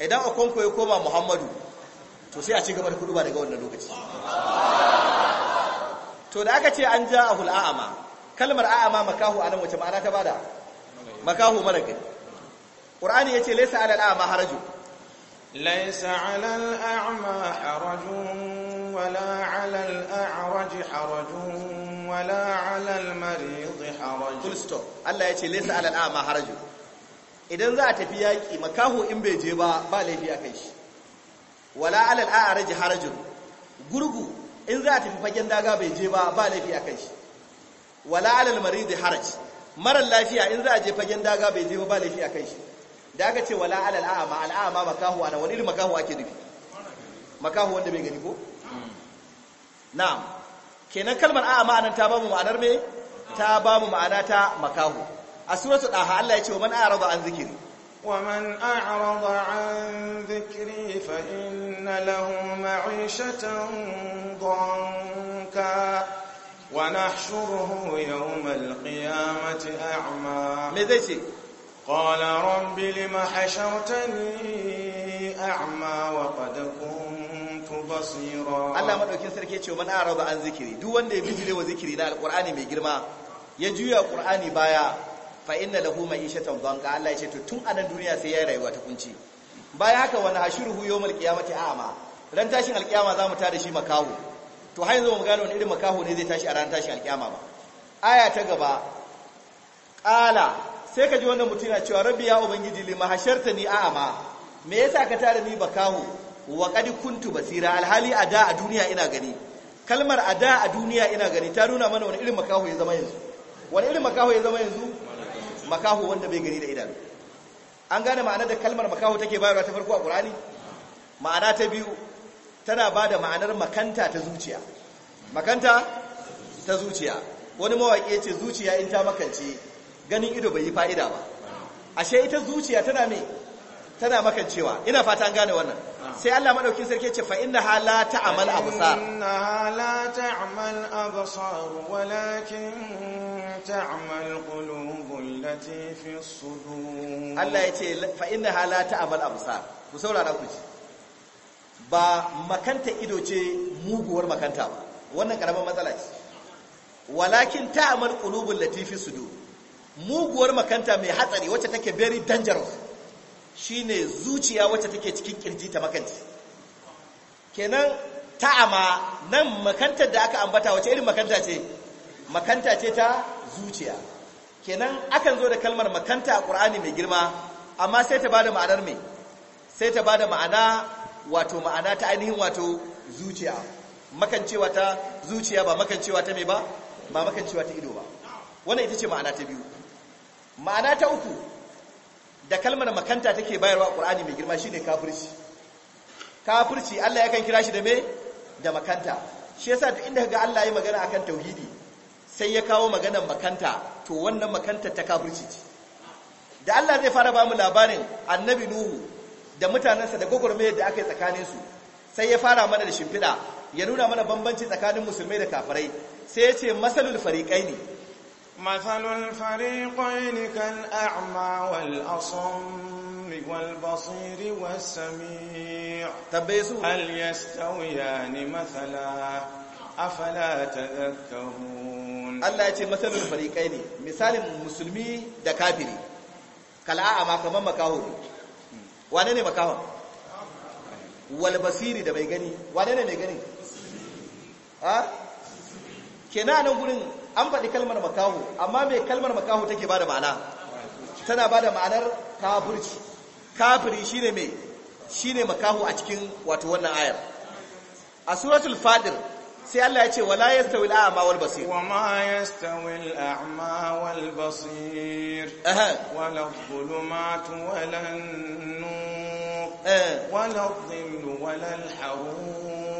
idan okonko ya koma muhammadu to sai a ci gaba da kudu ba daga wannan lokaci to da aka ce an ja ahul a'ama kalmar a'ama makahu anan wace ma'ana ta bada makahu mara gani qur'ani yace laysa 'alal a'ma haraju laysa 'alal a'ma harajun wala 'alal a'raj harajun wala 'alal marid harajun full stop Allah yace laysa 'alal a'ma haraju idan za a tafi yaki makahu in bai je ba ba laifi a akai shi wala 'alal a'raj harajun gurgu in za a tafi fagen daga bai je ba ba laifi a kai shi wala alal marid haraj maran lafiya in za a je fagen daga bai je ba ba laifi a kai shi da aka ce wala alal a'ama al'ama makahu ana wani makahu ake nufi makahu wanda bai gani ko na'am kenan kalmar a'ama nan ta ba mu ma'anar me ta ba mu ma'ana ta makahu a suratul ahad Allah ya ce wa man a'rada an zikiri ومن أعرض عن ذكري فإن له معيشة ضنكا ونحشره يوم القيامة أعمى ماذا قال رب لم حشرتني أعمى وقد كنت بصيرا الله مدوكين سركي ce man arada an zikiri duk wanda ya bijile wa zikiri na alqur'ani mai girma ya juya qur'ani baya fa inna lahu ma'ishatan dhanka Allah ya ce to tun anan duniya sai ya rayuwa ta kunci bayan haka wani hashuruhu yawmal qiyamati a'ma ran tashin alqiyama zamu ta da shi makaho to har yanzu mu gano wani irin makaho ne zai tashi a ran tashin alqiyama ba aya ta gaba qala sai ka ji wannan mutum yana cewa rabbi ya ubangiji li mahashartani a'ma me yasa ka tare ni bakahu wa qad kuntu basira alhali ada a duniya ina gani kalmar ada a duniya ina gani ta nuna mana wani irin makaho ya zama yanzu wani irin makaho ya zama yanzu makaho wanda bai gani da idanu an gane ma'anar da kalmar makaho take bayarwa ta farko a ƙurani ma'ana ta biyu tana ba da ma'anar makanta ta zuciya makanta ta zuciya wani mawaƙi ce zuciya in ta makance ganin ido bai yi fa'ida ba ashe ita zuciya tana mai? tana maka cewa, ina fata an gane wannan sai Allah madaukin sarki ce fa innaha la ta'mal absar innaha la ta'mal absar walakin ta'mal qulubul lati fi sudur Allah yace fa innaha la ta'mal absar ku saurara ku ji ba makanta ido ce muguwar makanta ba wannan karaman matsala ce walakin ta'mal qulubul lati fi sudur muguwar makanta mai hatsari wacce take very dangerous Shi ne zuciya wacce take cikin kirji ta makanci kenan ta'ama nan makantar da aka ambata wacce irin makanta ce makanta ce ta zuciya kenan akan zo da kalmar makanta a Ƙur'ani mai girma amma sai ta bada ma'anar me sai ta bada ma'ana wato ma'ana ta ainihin wato zuciya makancewa ta zuciya ba makancewa ta mai ba ba makancewa ta ido ba wannan ita ce ma'ana ta biyu ma'ana ta uku da kalmar makanta take bayarwa ƙur'ani mai girma shi ne kafirci kafirci Allah yakan kira shi da me da makanta shi yasa duk inda ga Allah ya magana akan tauhidi sai ya kawo maganar makanta to wannan makanta ta kafirci ce da Allah zai fara bamu labarin annabi nuhu da mutanensa da mai yadda aka yi tsakanin su sai ya fara mana da shimfiɗa ya nuna mana bambanci tsakanin musulmai da kafirai sai ya ce masalul fariƙai ne مثل الفريقين كالأعمى والأصم والبصير والسميع هل يستويان مثلا أفلا تذكرون الله يتي مثل الفريقين مثال مسلمي da kafiri kal'a'ama kaman makaho wane ne makahon wal basiri da bai gani wane ne mai gani ha kenan nan gurin an faɗi kalmar makaho amma mai kalmar makaho take ba da ma'ana tana ba da ma'anar kafirci kafiri shine mai ne makaho a cikin wato wannan ayar a suratul fadir sai Allah ya ce wala yastawi al-a'ma wal basir wa ma yastawi ama wal basir wala dhulumatu wala an-nur wala adh-dhillu wala al-harur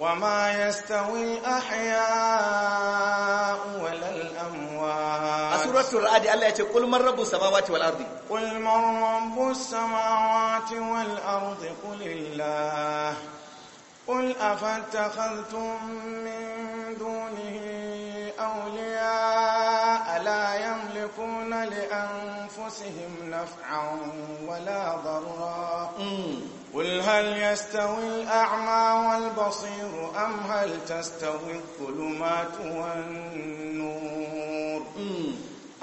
وما يستوي الأحياء ولا الأموات سورة الرعد الله يقول قل من رب السماوات والأرض قل من رب السماوات والأرض قل الله قل أفاتخذتم من دونه أولياء لا يملكون لأنفسهم نفعا ولا ضرا قل هل يستوي الأعمى والبصير أم هل تستوي الظلمات والنور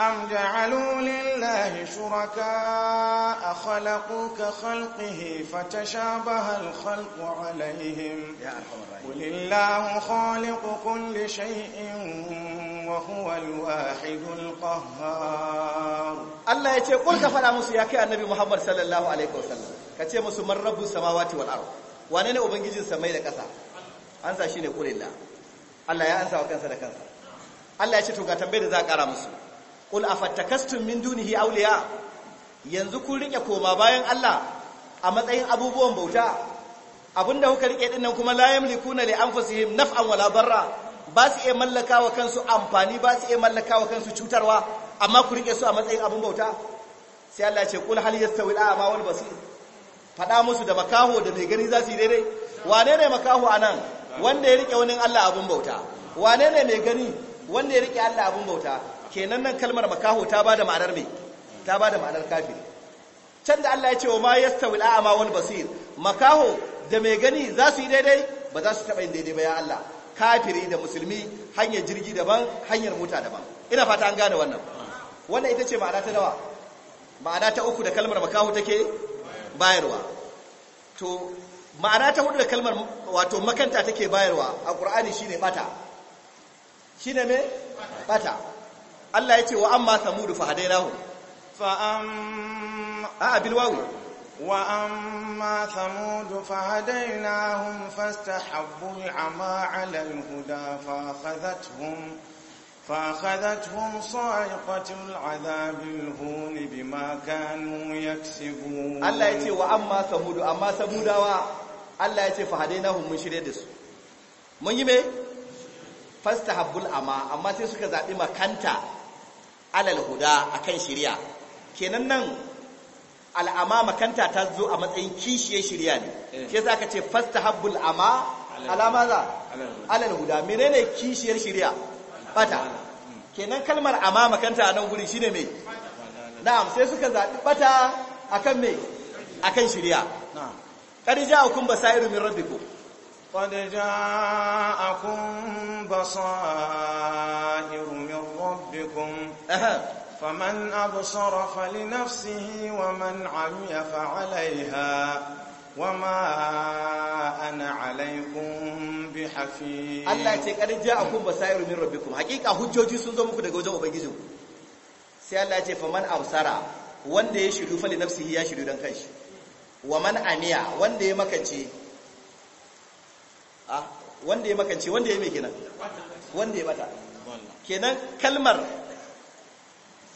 أم جعلوا لله شركاء خلقوا كخلقه فتشابه الخلق عليهم قل الله خالق كل شيء وهو الواحد القهار الله يتي قل كفر مسو يا النبي محمد صلى الله عليه وسلم كتي مسو من رب السماوات والأرض wane ne ubangijin samai da ƙasa an sa shine kulilla Allah ya ansa wa kansa da kansa Allah ya ce to ga tambayar da za a ƙara musu kul afattakastum min dunihi awliya yanzu kun rike koma bayan Allah a matsayin abubuwan bauta abinda kuka rike din nan kuma la yamlikuna li anfusihim naf'an wala barra ba su iya mallakawa kansu amfani ba su iya mallakawa kansu cutarwa amma ku rike su a matsayin abun bauta sai Allah ya ce kul hal yastawi al-a'ma wal basir faɗa musu da makaho da mai gani za su yi daidai wane ne makaho anan wanda ya riƙe wani Allah abun bauta wane ne mai gani wanda ya riƙe Allah abun bauta kenan nan kalmar makaho ta bada ma'anar me ta bada ma'anar kafir can da Allah ya ce wa ma a ma wal basir makaho da mai gani za su yi daidai ba za su taba yin daidai ba ya Allah kafiri da musulmi hanyar jirgi daban hanyar mota daban ina fata an gane wannan wannan ita ce ma'ana ta nawa ma'ana ta uku da kalmar makaho take bayarwa to ma'ana ta hudu da kalmar wato makanta take bayarwa a qur'ani shine bata shine me bata Allah ya ce wa amma samudu fa hadainahu fa amma a amma Allah ya ce wa amma samudu amma samudawa Allah ya ce fa mun shirye da su mun yi me fastahabbu al amma sai suka zabi makanta alal huda akan shirya kenan nan al'ama makanta ta zo a matsayin kishiye shirya ne ke za ka ce habbul ama alama za alal huda menene kishiyar shirya bata hmm. kenan kalmar ama makanta a nan guri shine me na'am sai suka zaɓi bata akan me akan shirya hukun ja'akum basairu min ja hukun ja'akum basairu min ربكم فمن أبصر فلنفسه ومن عمي فعليها وما أنا hujjoji sun zo muku daga wajen ubangijin sai Allah ya ce faman absara wanda ya shiru fali nafsihi ya shiru dan wa man aniya wanda ya makance wanda ya makance wanda ya mai kenan kalmar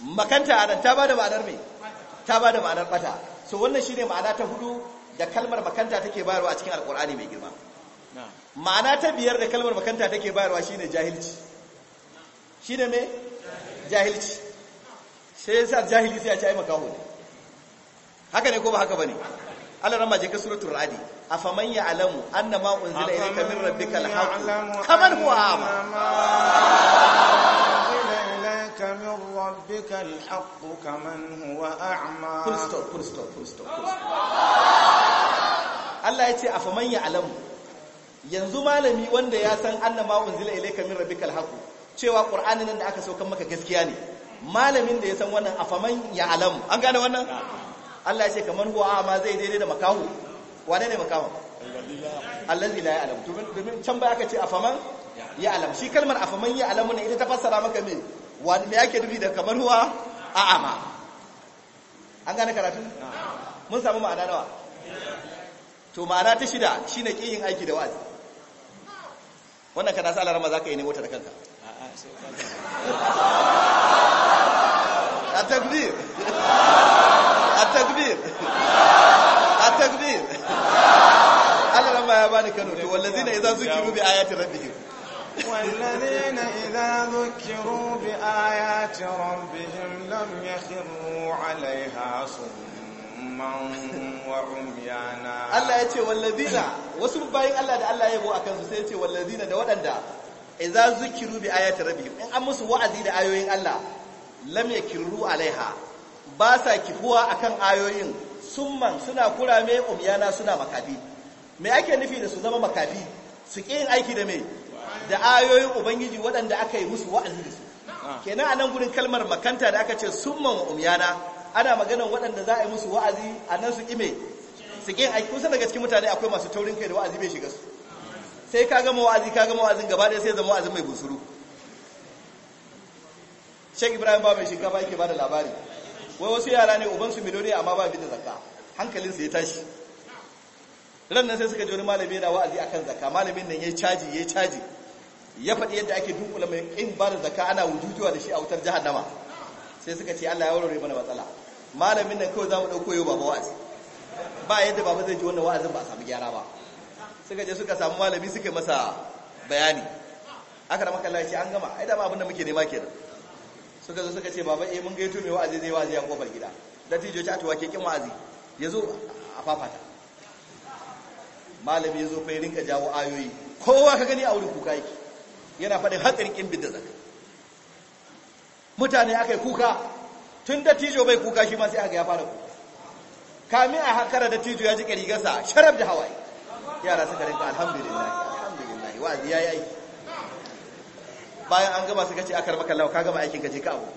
makanta anan ta bada ma'anar me ta bada ma'anar bata so wannan shine ma'ana ta hudu da kalmar makanta take bayarwa a cikin alkur'ani mai girma ma'ana ta biyar da kalmar makanta take bayarwa shine jahilci shine me jahilci sai yasa jahili sai ya ci aimaka makaho ne haka ne ko ba haka bane Allah ramma je ka suratul radi afaman ya'lamu annama unzila ilayka min rabbikal haqq kaman huwa ama الحق كمن هو أعمى full stop full stop full stop Allah ya ce ya alamu yanzu malami wanda ya san annama unzila ilayka min rabbikal haqq cewa qur'anin nan da aka saukan maka gaskiya ne malamin da ya san wannan a faman ya alamu an gane wannan Allah ya ce kamar huwa ma zai daidai da makahu wane ne makahu allazi la ya'lam to domin can baya aka ce a ya alam shi kalmar a ya alamu ne ita ta fassara maka me wani me yake dubi da kamar huwa a'ama an gane karatu mun samu ma'ana nawa to ma'ana ta shida shi shine yin aiki da wazi wannan ka nasa alarama za ka yi nemota da kanka a takbir a takbir a takbir alarama ya bani kano to wallazina idza zukiru bi ayati rabbi والذين إذا ذكروا بآيات ربهم لم يخروا عليها صما وعميانا الله يتي والذين wasu bayin Allah da Allah ya yabo akan su sai yace walladina da waɗanda idza zukiru bi ayati rabbihim in an musu wa'azi da ayoyin Allah lam yakirru alaiha ba sa kifuwa akan ayoyin summan suna kurame umyana suna makafi me ake nufi da su zama makafi su ƙi yin aiki da mai. da ayoyin ubangiji waɗanda aka yi musu wa'azi da su kenan anan gurin kalmar makanta da aka ce summa wa umyana ana maganan waɗanda za a yi musu wa'azi a nan su ime. su ƙin aiki kusa daga cikin mutane akwai masu taurin kai da wa'azi bai shiga su sai ka gama wa'azi ka gama wa'azin gaba ɗaya sai zama wa'azin mai busuru shek ibrahim ba mai shinkafa yake ba da labari wai wasu yara ne ubansu miliyoni amma ba bi da zakka su ya tashi ran nan sai suka ji wani malami yana wa'azi akan zakka malamin nan ya caji ya caji ya faɗi yadda ake dunkula mai in ba da zaka ana wujujuwa da shi a wutar jahannama sai suka ce Allah ya warware mana matsala malamin nan kawai za mu ɗauko yau baba wa'azi ba yadda baba zai ji wannan wa'azin ba a samu gyara ba suka je suka samu malami suka masa bayani aka da makalla ce an gama ai da ba abin da muke nema kenan suka zo suka ce baba eh mun gaito mai wa'azi zai wa'azi ya kofar gida ci a tuwa kin wa'azi ya zo a fafata malami ya zo fa rinka jawo ayoyi kowa ka gani a wurin kuka yake yana faɗin hatsarin ƙin da zaka mutane aka yi kuka tun da tijo bai kuka shi ma sai aka ya fara kuka kami a hakara da tijo ya ji rigarsa sharaf da hawaye yara suka rinka alhamdulillah alhamdulillah wa'azi yi aiki bayan an gama suka ce aka raba kallawa ka gama aikin ka je ka abu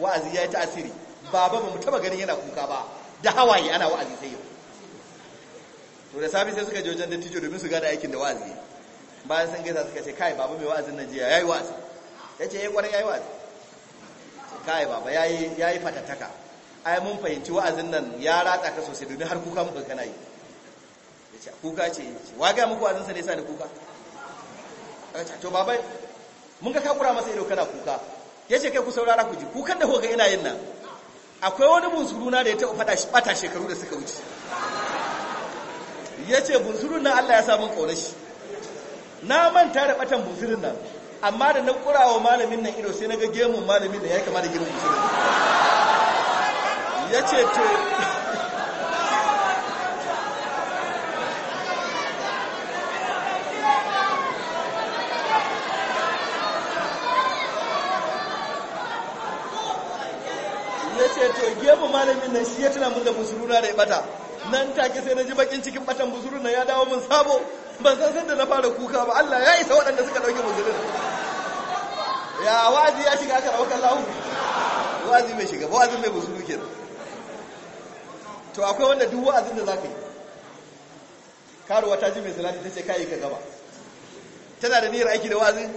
wa'azi yi tasiri baba ba mu taba ganin yana kuka ba da hawaye ana wa'azi sai yau to da sabi sai suka je wajen dattijo domin su gada aikin da wa'azi bayan sun gaisa suka ce kai baba mai wa'azin nan jiya yayi wa'azi ya ce eh, yayi ya yi wa'azi kai baba ya yi fatattaka ai mun fahimci wa'azin nan ya ratsa ka sosai domin har kuka muka kana yi ya ce kuka ce wa ga muku wa'azin sa ne sa da kuka aka ce to baba mun ga ka kura masa ido kana kuka ya ce kai ku saurara ku ji kukan da kuka ina yin nan akwai wani bunsuruna da ya taɓa fada shekaru da suka wuce ya ce bunsurun nan Allah ya samun ƙaunar shi na manta da batan busirin nan amma da na kurawa malamin nan ido sai na ga gemun malamin nan ya kama da girin busirin ya ce to to gemun malamin nan shi ya tuna mun da busuruna da ya bata nan take sai na ji bakin cikin batan busiruna ya dawo mun sabo ban san sanda na fara kuka ba Allah ya isa waɗanda suka ɗauke musulun ya wazi ya shiga aka ɗaukar lahu wazi mai shiga ba wazi mai musulun kenan to akwai wanda duk wa'azin da za ka yi karuwa ta ji mai salati ta ce kayi ka gaba tana da niyyar aiki da wazi?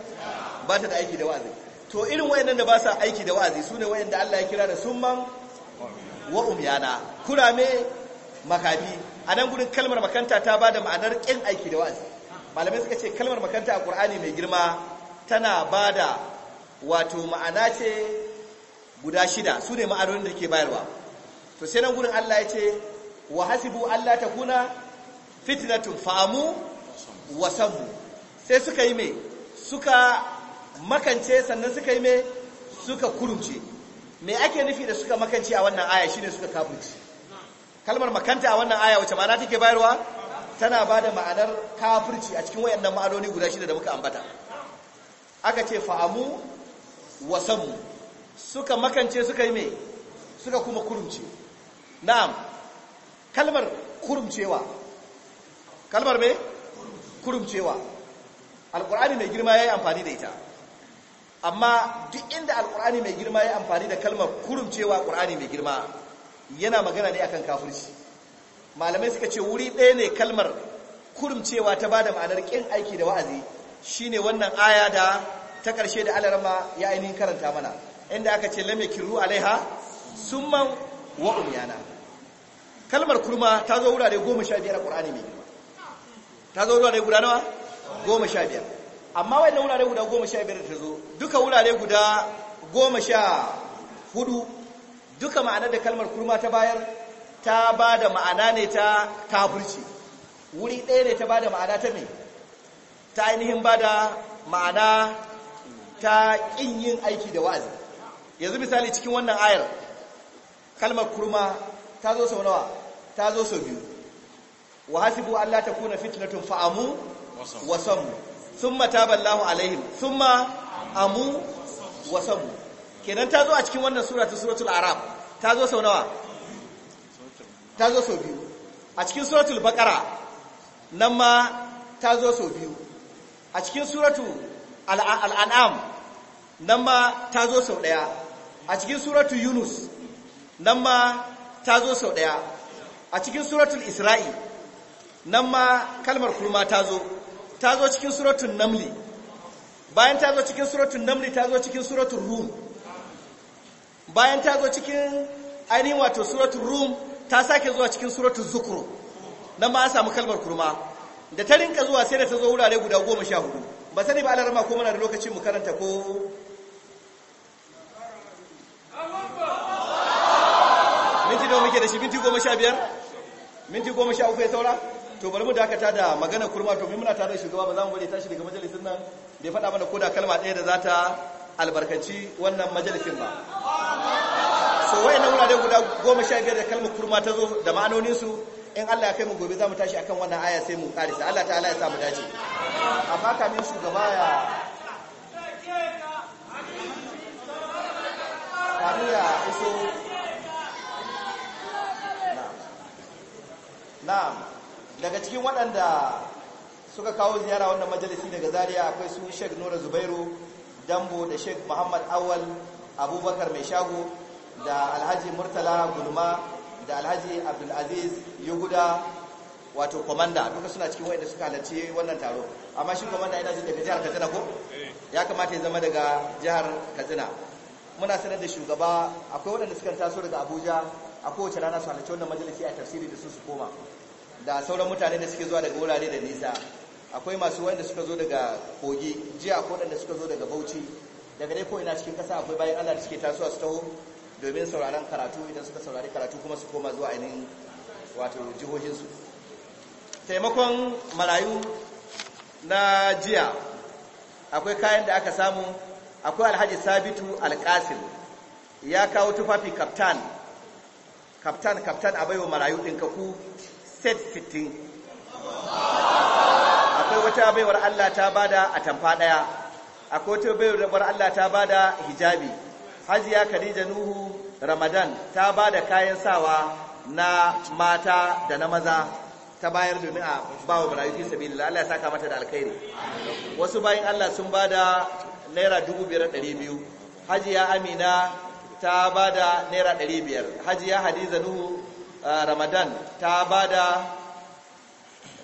ba ta da aiki da wazi. to irin wayannan da ba sa aiki da wazi, su ne wayanda Allah ya kira da summan wa umyana kurame makabi? a nan gudun kalmar makanta ta ba da ma'anar ƙin aiki da wa'azi malamai suka ce kalmar makanta a ƙur'ani mai girma tana ba da wato ma'ana ce guda shida su ne ma'anonin da ke bayarwa to sai nan gudun allah ya ce wa hasibu allah ta kuna fitnatun fa'amu wa sabu sai suka yi mai suka makance sannan suka yi mai suka kurumce me ake nufi da suka makance a wannan aya shine suka kafirci kalmar makanta a wannan aya wacce ma'ana take bayarwa tana ba da ma'anar kafirci a cikin wayannan ma'anoni guda shida da muka ambata aka ce fa'amu wa sammu suka makance suka yi mai suka kuma kurumce na'am kalmar kurumcewa kalmar me kurumcewa alkur'ani mai girma ya yi amfani da ita amma duk inda alkur'ani mai girma ya yi amfani da kalmar kurumcewa alkur'ani mai girma yana magana ne akan kafirci malamai suka ce wuri ɗaya ne kalmar kurumcewa ta bada ma'anar ƙin aiki da wa'azi shine wannan aya da ta ƙarshe da alarma ya ainihin karanta mana inda aka ce lam yakru alaiha summan wa umyana kalmar kurma ta zo wurare goma sha biyar a ƙura'ani mai ta zo wurare guda nawa Goma sha biyar. amma wannan wurare guda goma sha biyar da ta zo duka wurare guda goma sha hudu. duka ma'anar da kalmar kurma ta bayar ta ba da ma'ana ne ta kafirci wuri ɗaya ne ta ba da ma'ana ta mai ta ainihin ba da ma'ana ta ƙin yin aiki da wa'azi yanzu misali cikin wannan ayar kalmar kurma ta zo sau nawa ta zo sau biyu wa hasibu Allah ta kuna fitnatun fa'amu wasanmu sun mata ballahu alaihim sun ma amu wasanmu kenan ta zo a cikin wannan sura ta suratul arab ta zo sau nawa ta zo sau biyu a cikin suratul bakara nan ma ta zo sau biyu a cikin suratul al'an'am nan ma ta zo sau daya a cikin suratul yunus nan ma ta zo sau daya a cikin suratul isra'i nan ma kalmar kurma ta zo ta zo cikin suratul namli bayan ta zo cikin suratul namli ta zo cikin suratul rum bayan ta zo cikin ainihin wato suratun rum ta sake zuwa cikin suratun zukru nan ma samu kalmar kurma da ta rinka zuwa sai da ta zo wurare guda goma sha hudu ba sani ba alarama ko muna da lokacin mu karanta ko minti da muke da shi minti goma sha biyar minti goma sha uku ya saura to bari mu dakata da magana kurma to muna tare da shugaba ba za mu bari tashi daga majalisar nan bai faɗa mana ko da kalma ɗaya da za ta albarkaci wannan majalifin ba so wayannan dai guda goma sha biyar da kalmar kurma ta zo da ma'anoninsu in Allah ya kai mu gobe za mu tashi akan wannan aya sai mu karisa Allah ala ya samu dace amma kamin shugaba ya iso na'am daga cikin waɗanda suka kawo ziyara wannan majalisi daga Zaria akwai su Sheikh Nura Zubairu dambo da sheik muhammad awal abubakar mai shago da alhaji murtala gulma da alhaji abdulaziz yuguda wato komanda duka suna cikin wa'inda suka halarci wannan taro amma shi komanda yana jin daga jihar katsina ko ya kamata ya zama daga jihar katsina muna sanar da shugaba akwai waɗanda suka taso daga abuja a kowace rana su halarci wannan majalisi a tafsiri da su su koma da sauran mutane da suke zuwa daga wurare da nisa akwai masu wanda suka zo daga kogi jiya akwai da suka zo daga bauchi daga dai ko ina cikin kasa akwai bayan Allah da suke tasowa su taho domin sauraron karatu idan suka saurari karatu kuma su koma zuwa ainihin wato jihohinsu taimakon marayu na jiya akwai kayan da aka samu akwai alhaji sabitu alkasir ya kawo tufafi kaftan kaftan kaftan a baiwa marayu ɗinka ku set 15. wata baiwar Allah ta bada atamfa daya a kota baiwar Allah ta bada hijabi hajiya Khadija Nuhu Ramadan ta bada kayan sawa na mata da na maza ta bayar domin a bawa marayu fi Allah ya saka mata da alkhairi wasu bayan Allah sun bada naira hajiya Amina ta bada naira 500 hajiya Hadiza Nuhu eh, Ramadan ta bada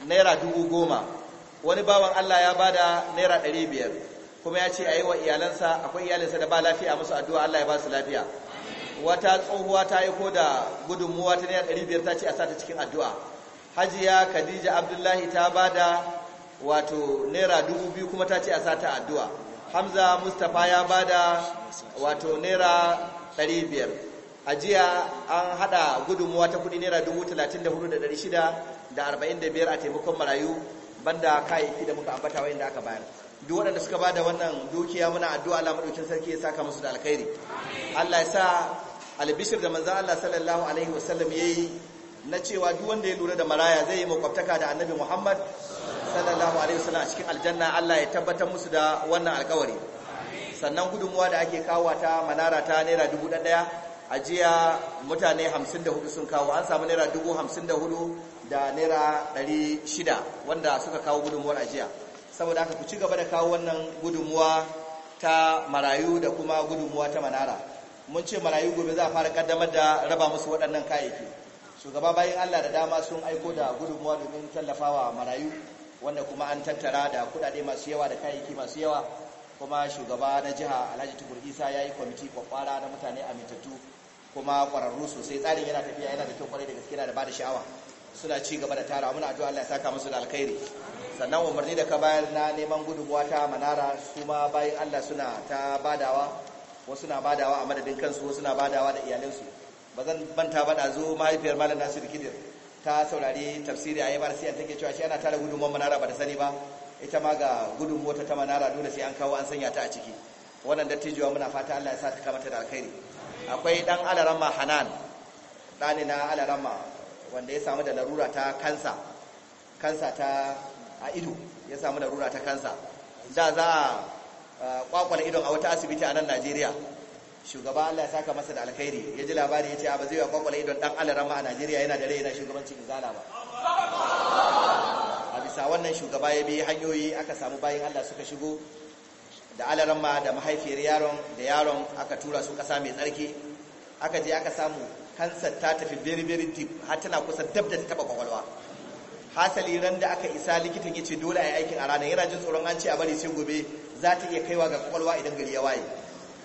naira dubu goma wani bawan Allah ya bada naira biyar kuma ya ce yi wa iyalansa akwai iyalinsa da ba lafiya musu addu'a Allah ya ba su lafiya wata tsohuwa ta aiko da gudunmuwa ta naira biyar ta ce a sata cikin addu'a hajiya Khadija Abdullahi ta bada wato naira dubu biyu kuma ta ce a sata addu'a Hamza Mustapha ya bada wato naira biyar a jiya an hada gudunmuwa ta kudi naira 34645 a taimakon marayu banda kayayyaki da muka ambata wayanda aka bayar duk waɗanda suka ba da wannan dukiya muna addu'a Allah madaukin sarki ya saka musu da alkhairi Allah ya sa albishir da manzon Allah sallallahu alaihi wasallam yayi na cewa duk wanda ya lura da maraya zai yi makwabtaka da Annabi Muhammad sallallahu alaihi wasallam a cikin aljanna Allah ya tabbatar musu da wannan alkawari sannan gudunmuwa da ake kawo ta manara ta naira dubu ɗaya a jiya mutane 54 sun kawo an samu naira dubu hudu. da naira 600 wanda suka kawo gudunmuwar ajiya saboda haka ku ci gaba da kawo wannan gudunmuwa ta marayu da kuma gudunmuwa ta manara mun ce marayu gobe za a fara kaddamar da raba musu waɗannan kayayyaki shugaba bayan allah da dama sun aiko da gudunmuwa domin tallafawa marayu wanda kuma an tattara da kuɗaɗe masu yawa da kayayyaki masu yawa kuma shugaba na jiha alhaji tukur isa ya yi kwamiti kwakwara na mutane amintattu kuma kwararru sosai tsarin yana tafiya yana da kyau kwarai da gaske da ba da sha'awa suna ci gaba da tara muna addu'a Allah ya saka musu da alkhairi sannan umarni da ka bayar na neman gudubuwa ta manara su ma bayan Allah suna ta badawa wasu suna badawa a madadin kansu wasu suna badawa da iyalinsu ba zan banta ba da zo mahaifiyar malam Nasir Kidir ta saurari tafsiri a yi bar sai take cewa shi ana tara gudunmuwar manara ba da sani ba ita ma ga gudunmuwar ta manara dole sai an kawo an sanya ta a ciki wannan dattijuwa muna fata Allah ya sa ta kamata da alkhairi akwai dan alaramma Hanan ɗani na alaramma wanda ya samu da larura ta kansa kansa ta a ido ya samu larura ta kansa da za a kwakwala idon a wata asibiti a nan najeriya shugaba allah ya saka masa da alkhairi ya ji labari ya ce a ba zai kwakwala idon dan alarama a najeriya yana da rai yana shugabancin izala ba a bisa wannan shugaba ya bi hanyoyi aka samu bayan allah suka shigo da alaramma da mahaifiyar yaron da yaron aka tura su kasa mai tsarki aka je aka samu kansar ta tafi very very deep har tana kusa dab da ta taba kwakwalwa hasali ran da aka isa likitan ya ce dole a yi aikin a ranar yana jin tsoron an ce a bari sai gobe za ta iya kaiwa ga kwakwalwa idan gari ya waye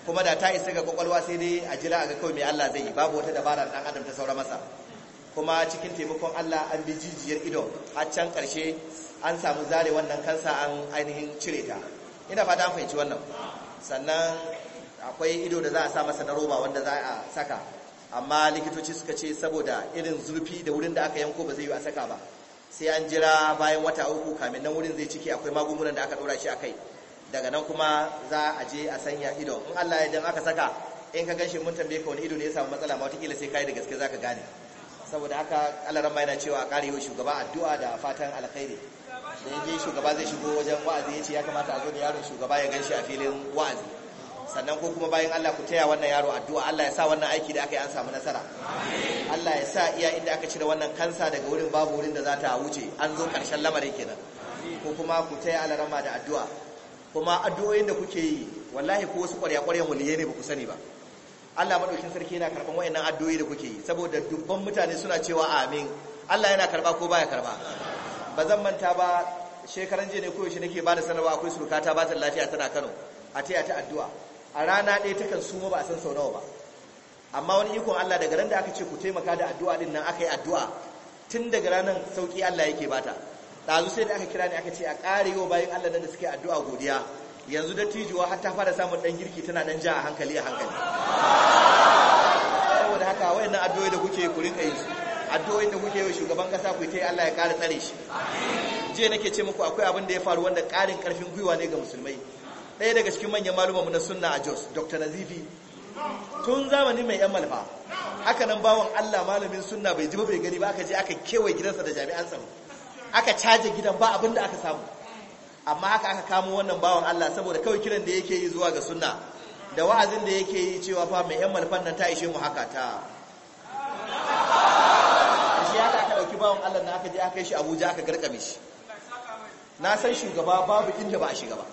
kuma da ta isa ga kwakwalwa sai dai a jira a ga kai mai Allah zai yi babu wata dabara dan adam ta saura masa kuma cikin taimakon Allah an bi jijiyar ido har can karshe an samu zare wannan kansa an ainihin cire ta ina fata an fahimci wannan sannan akwai ido da za a sa masa na roba wanda za a saka amma likitoci suka ce saboda irin zurfi da wurin da aka yanko ba zai yi a saka ba sai an jira bayan wata uku kamin nan wurin zai ciki akwai magungunan da aka ɗora shi a kai daga nan kuma za a je a sanya ido in Allah ya dan aka saka in ka ganshi mun tambaye ka wani ido ne ya samu matsala ma wataƙila sai kai da gaske za ka gane saboda haka Allah ramma yana cewa a ƙara yi shugaba addu'a da fatan alkhairi da ya shugaba zai shigo wajen wa'azi ya ce ya kamata a zo da yaron shugaba ya ganshi a filin wa'azi sannan ko kuma bayan Allah ku taya wannan yaro addu'a Allah ya sa wannan aiki da aka yi an samu nasara Allah ya sa iya inda aka cire wannan kansa daga wurin babu wurin da za ta wuce an zo karshen lamarin kenan ko kuma ku taya alarama da addu'a kuma addu'o'in da kuke yi wallahi ko wasu ƙwarya ƙwarya muliye ne ba ku sani ba Allah madaukin sarki yana karban wayannan addu'o'i da kuke yi saboda dubban mutane suna cewa amin Allah yana karba ko baya karba ba zan manta ba shekaran jiya ne koyaushe nake ba da sanarwa akwai surukata ba ta lafiya tana Kano a taya ta addu'a a rana ɗaya takan suma ba a san sau nawa ba amma wani ikon Allah daga ran da aka ce ku taimaka da addu'a din nan aka yi addu'a tun daga ranar sauki Allah yake bata ɗazu sai da aka kira ne aka ce a ƙare yau bayan Allah nan da suke addu'a godiya yanzu da tijuwa har ta fara samun ɗan girki tana nan ja a hankali a hankali saboda haka nan addu'o'i da kuke ku rinka yin su addu'o'in da kuke yi shugaban kasa ku yi Allah ya ƙara tsare shi je nake ce muku akwai abin da ya faru wanda ƙarin ƙarfin gwiwa ne ga musulmai ɗaya daga cikin manyan malumanmu na sunna a jos dr nazifi tun zamani mai yan malfa haka nan bawan allah malamin sunna bai ji ba bai gani ba aka je aka kewaye gidansa da jami'an tsaro aka caje gidan ba abin da aka samu amma haka aka kamo wannan bawan allah saboda kawai kiran da yake yi zuwa ga sunna da wa'azin da yake yi cewa fa mai yan malfan nan ta ishe mu haka ta shi haka aka ɗauki bawan allah na aka je aka shi abuja aka garkame shi na san shugaba babu inda ba a shiga ba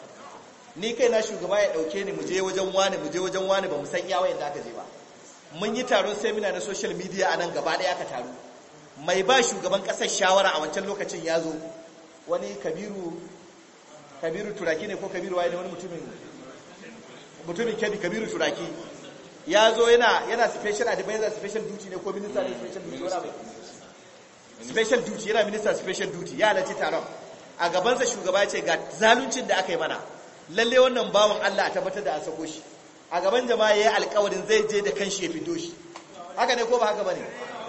ni kai na shugaba ya dauke ni mu je wajen wani mu je wajen wani ba mu san iya wayan da aka je ba mun yi taron seminar na social media a nan gaba daya aka taru mai ba shugaban kasar shawara a wancan lokacin ya zo wani kabiru kabiru turaki ne ko kabiru waye ne wani mutumin mutumin kebi kabiru turaki ya zo yana yana special advisor special duty ne ko minister special duty wani special duty yana minister special duty ya halarci taron a gabansa shugaba ya ce ga zaluncin da aka yi mana lalle wannan bawan Allah a tabbatar da a sako shi a gaban jama'a yi alƙawarin zai je da kanshi ya fido shi haka ne ko ba haka bane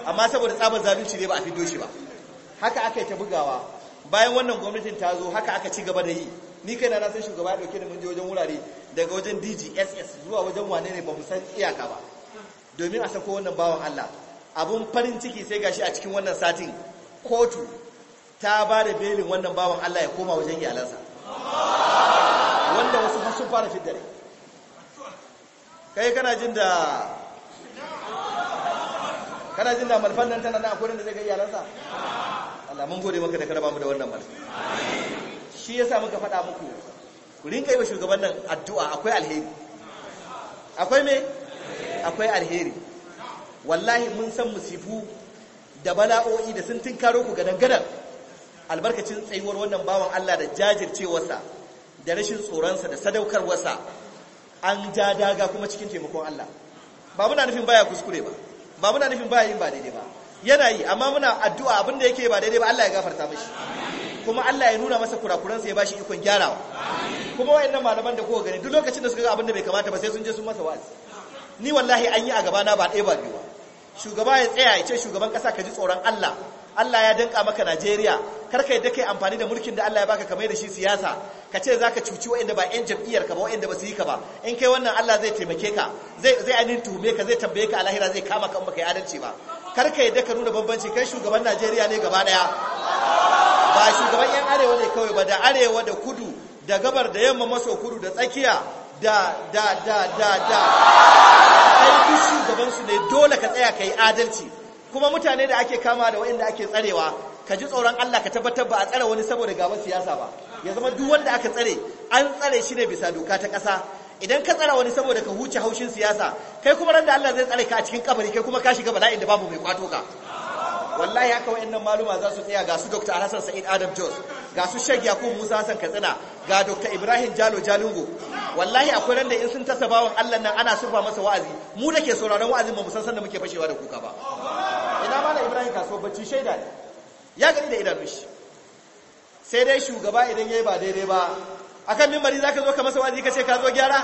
amma saboda tsabar zalunci ne ba a fido shi ba haka aka yi ta bugawa bayan wannan gwamnatin ta zo haka aka ci gaba da yi ni kai na san shugaba ya dauke da mun je wajen wurare daga wajen DGSS zuwa wajen wane ne ba mu san iyaka ba domin a sako wannan bawan Allah abun farin ciki sai gashi a cikin wannan satin kotu ta ba da belin wannan bawan Allah ya koma wajen iyalansa wanda wasu har sun fara fidda kai kana jin da kana jin da malfan nan tana na akwai da zai ga iyalansa Allah mun gode maka da karaba mu da wannan malfa shi yasa muka faɗa muku ku rinka yi wa shugaban nan addu'a akwai alheri akwai me akwai alheri wallahi mun san musifu da bala'o'i da sun tinkaro ku gadan gadan albarkacin tsayuwar wannan bawan Allah da jajircewarsa da rashin tsoronsa da sadaukarwarsa an ja daga kuma cikin taimakon Allah ba muna nufin baya kuskure ba ba muna nufin baya yin ba daidai ba yana yi amma muna addu'a abin da yake ba daidai ba Allah ya gafarta mishi kuma Allah ya nuna masa kurakuransa ya bashi ikon gyarawa kuma wayannan malaman da kowa gani duk lokacin da suka ga abin da bai kamata ba sai sun je sun masa wa'azi ni wallahi an yi a gabana ba ɗaya ba biyu ba shugaba ya tsaya ya ce shugaban ƙasa ka ji tsoron Allah Allah ya danka maka Najeriya kar ka yadda kai amfani da mulkin da Allah ya baka kamar da shi siyasa ka ce zaka cuci waɗanda ba yan jam'iyyar ka ba waɗanda ba su yi ka ba in kai wannan Allah zai taimake ka zai zai anin tuhume ka zai tambaye ka alahira zai kama ka in baka adalci ba kar ka yadda ka nuna bambanci kai shugaban Najeriya ne gaba daya ba shugaban yan arewa ne kawai ba da arewa da kudu da gabar da yamma maso kudu da tsakiya da da da da da kai duk shugaban su ne dole ka tsaya kai adalci kuma mutane da ake kama da waɗanda ake tsarewa ka ji tsoron Allah ka tabbatar ba a tsare wani saboda gaban siyasa ba ya zama duk wanda aka tsare an tsare shi ne bisa doka ta ƙasa idan ka tsara wani saboda ka huce haushin siyasa kai kuma ran da Allah zai tsare ka a cikin kabari kai kuma ka shiga bala'in da babu mai kwato ka wallahi haka wayannan maluma za su tsaya ga su Dr. Alhassan Sa'id Adam Jos ga su Sheikh Yakub Musa Hassan Katsina ga Dr. Ibrahim Jalo Jalungo wallahi akwai ran da in sun tasa bawan Allah nan ana surfa masa wa'azi mu da ke sauraron wa'azin ba mu san san da muke fashewa da kuka ba Ibrahim kasuwar bacci shaida ne ya gani da idanun shi sai dai shugaba idan yayi ba daidai ba akan mimbari zaka zo ka masa wazi ka ce ka zo gyara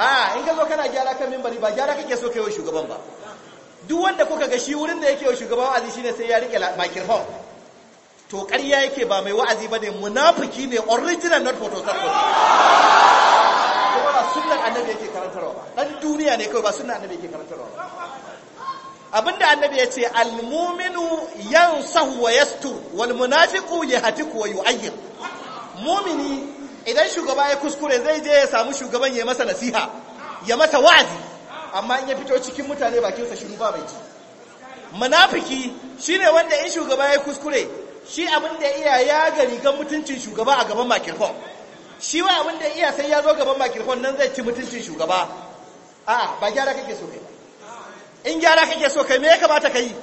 a in ka zo kana gyara kan mimbari ba gyara kake so kai wa shugaban ba duk wanda kuka ga shi wurin da yake wa shugaba wa'azi shine sai ya rike microphone to ƙarya yake ba mai wa'azi bane munafiki ne original not photocopy kuma ba sunnar annabi yake karantarwa ba dan duniya ne kawai ba sunnar annabi yake karantarwa ba abinda annabi ya ce almuminu yan yansahu wa yastur wal munafiqu yahtiku wa yu'ayyir mumini idan shugaba ya kuskure zai je ya samu shugaban ya masa nasiha ya masa wa'azi amma in ya fito cikin mutane bakin sa shiru ba bai ci munafiki shine wanda in shugaba ya kuskure shi abinda iya ya ga rigan mutuncin shugaba a gaban makirfon, shi wa abinda iya sai ya zo gaban makirfon nan zai ci mutuncin shugaba a'a ba gyara kake so kai in gyara kake so kai me ya kamata ka yi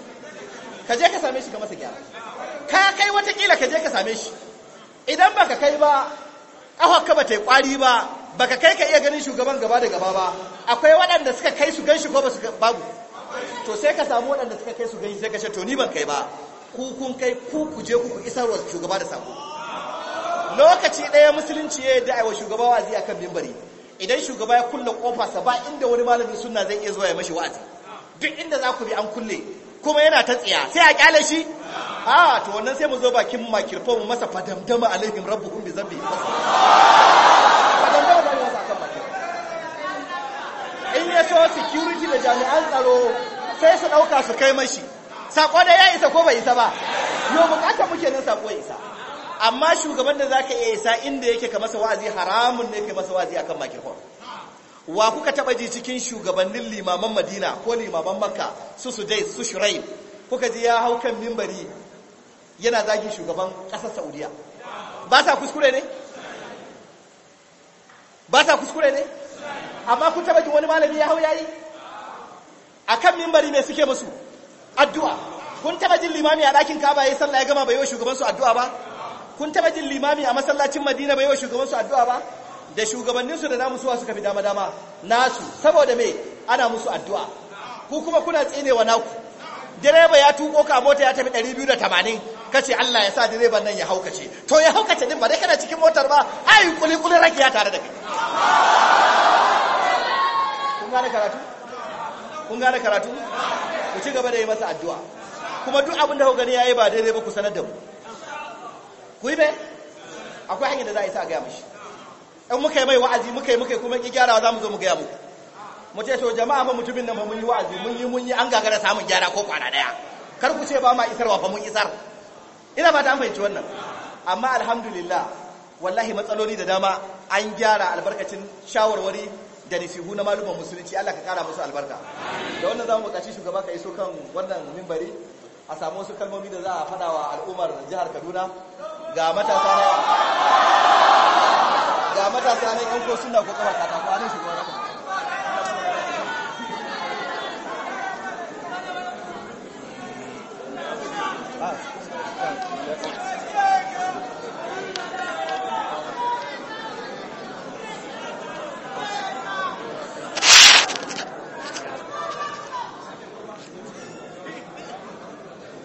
ka je ka same shi ka masa gyara ka kai watakila ka je ka same shi idan baka kai ba ƙahon ka bata yi ƙwari ba baka kai ka iya ganin shugaban gaba da gaba ba akwai waɗanda suka kai su gan shi ko ba su babu to sai ka samu waɗanda suka kai su gan shi sai ka ce to ni ban kai ba ku kun kai ku ku je ku isarwa shugaba da sako lokaci ɗaya musulunci ya yadda aiwa shugaba wa'azi kan mimbari idan shugaba ya kulle sa ba inda wani malamin sunna zai iya zuwa ya mashi wa'azi duk inda za ku bi an kulle kuma yana ta tsiya sai a kyale shi a to wannan sai mu zo bakin makirfo mu masa fadamdama alaihim rabbukum bi zambi fadamdama da yasa kan bakin in ya so security da jami'an tsaro sai su dauka su kai mashi sako da ya isa ko bai isa ba yo bukata muke nan sako ya isa amma shugaban da zaka iya isa inda yake ka masa wa'azi haramun ne kai masa wa'azi akan makirfo wa kuka taba ji cikin shugabannin limaman madina ko limaman makka su sudai su shirai kuka ji ya hau kan mimbari yana zagin shugaban ƙasar saudiya ba sa kuskure ne ba sa kuskure ne amma kun taba ji wani malami ya hau yayi A kan mimbari me suke musu addu'a kun taba jin limami a ɗakin kaba yi sallah ya gama bai wa shugaban su addu'a ba kun taba jin limami a masallacin madina bai wa shugaban su addu'a ba da shugabanninsu da namu suwa suka fi dama dama nasu saboda me ana musu addu'a ku kuma kuna tsinewa naku direba ya tuko ka mota ya tafi 280 kace Allah ya sa direban nan ya haukace to ya haukace din ba dai kana cikin motar ba ai kuli kuli rake ya tare da kai kun gane karatu kun gane karatu ku ci gaba da yi masa addu'a kuma duk abin da ku gani yayi ba daidai ba ku sanar da mu ku yi bai akwai hanyar da za a yi sa ga mishi in muka yi mai wa'azi muka yi muka yi kuma gyara za mu zo mu gaya mu. mu ce to jama'a ba mutumin nan ba mun yi wa'azi mun yi mun yi an gagara samun gyara ko kwana daya kar ku ce ba ma isar wa fa mun isar ina ba ta fahimci wannan amma alhamdulillah wallahi matsaloli da dama an gyara albarkacin shawarwari da nisihu na malumin musulunci Allah ka kara musu albarka da wannan zamu bukaci shugaba ka iso kan wannan minbari a samu wasu kalmomi da za a faɗa wa al'ummar jihar Kaduna ga matasa na da matasa ne yan ko suna ko kafa katako a nan shugaba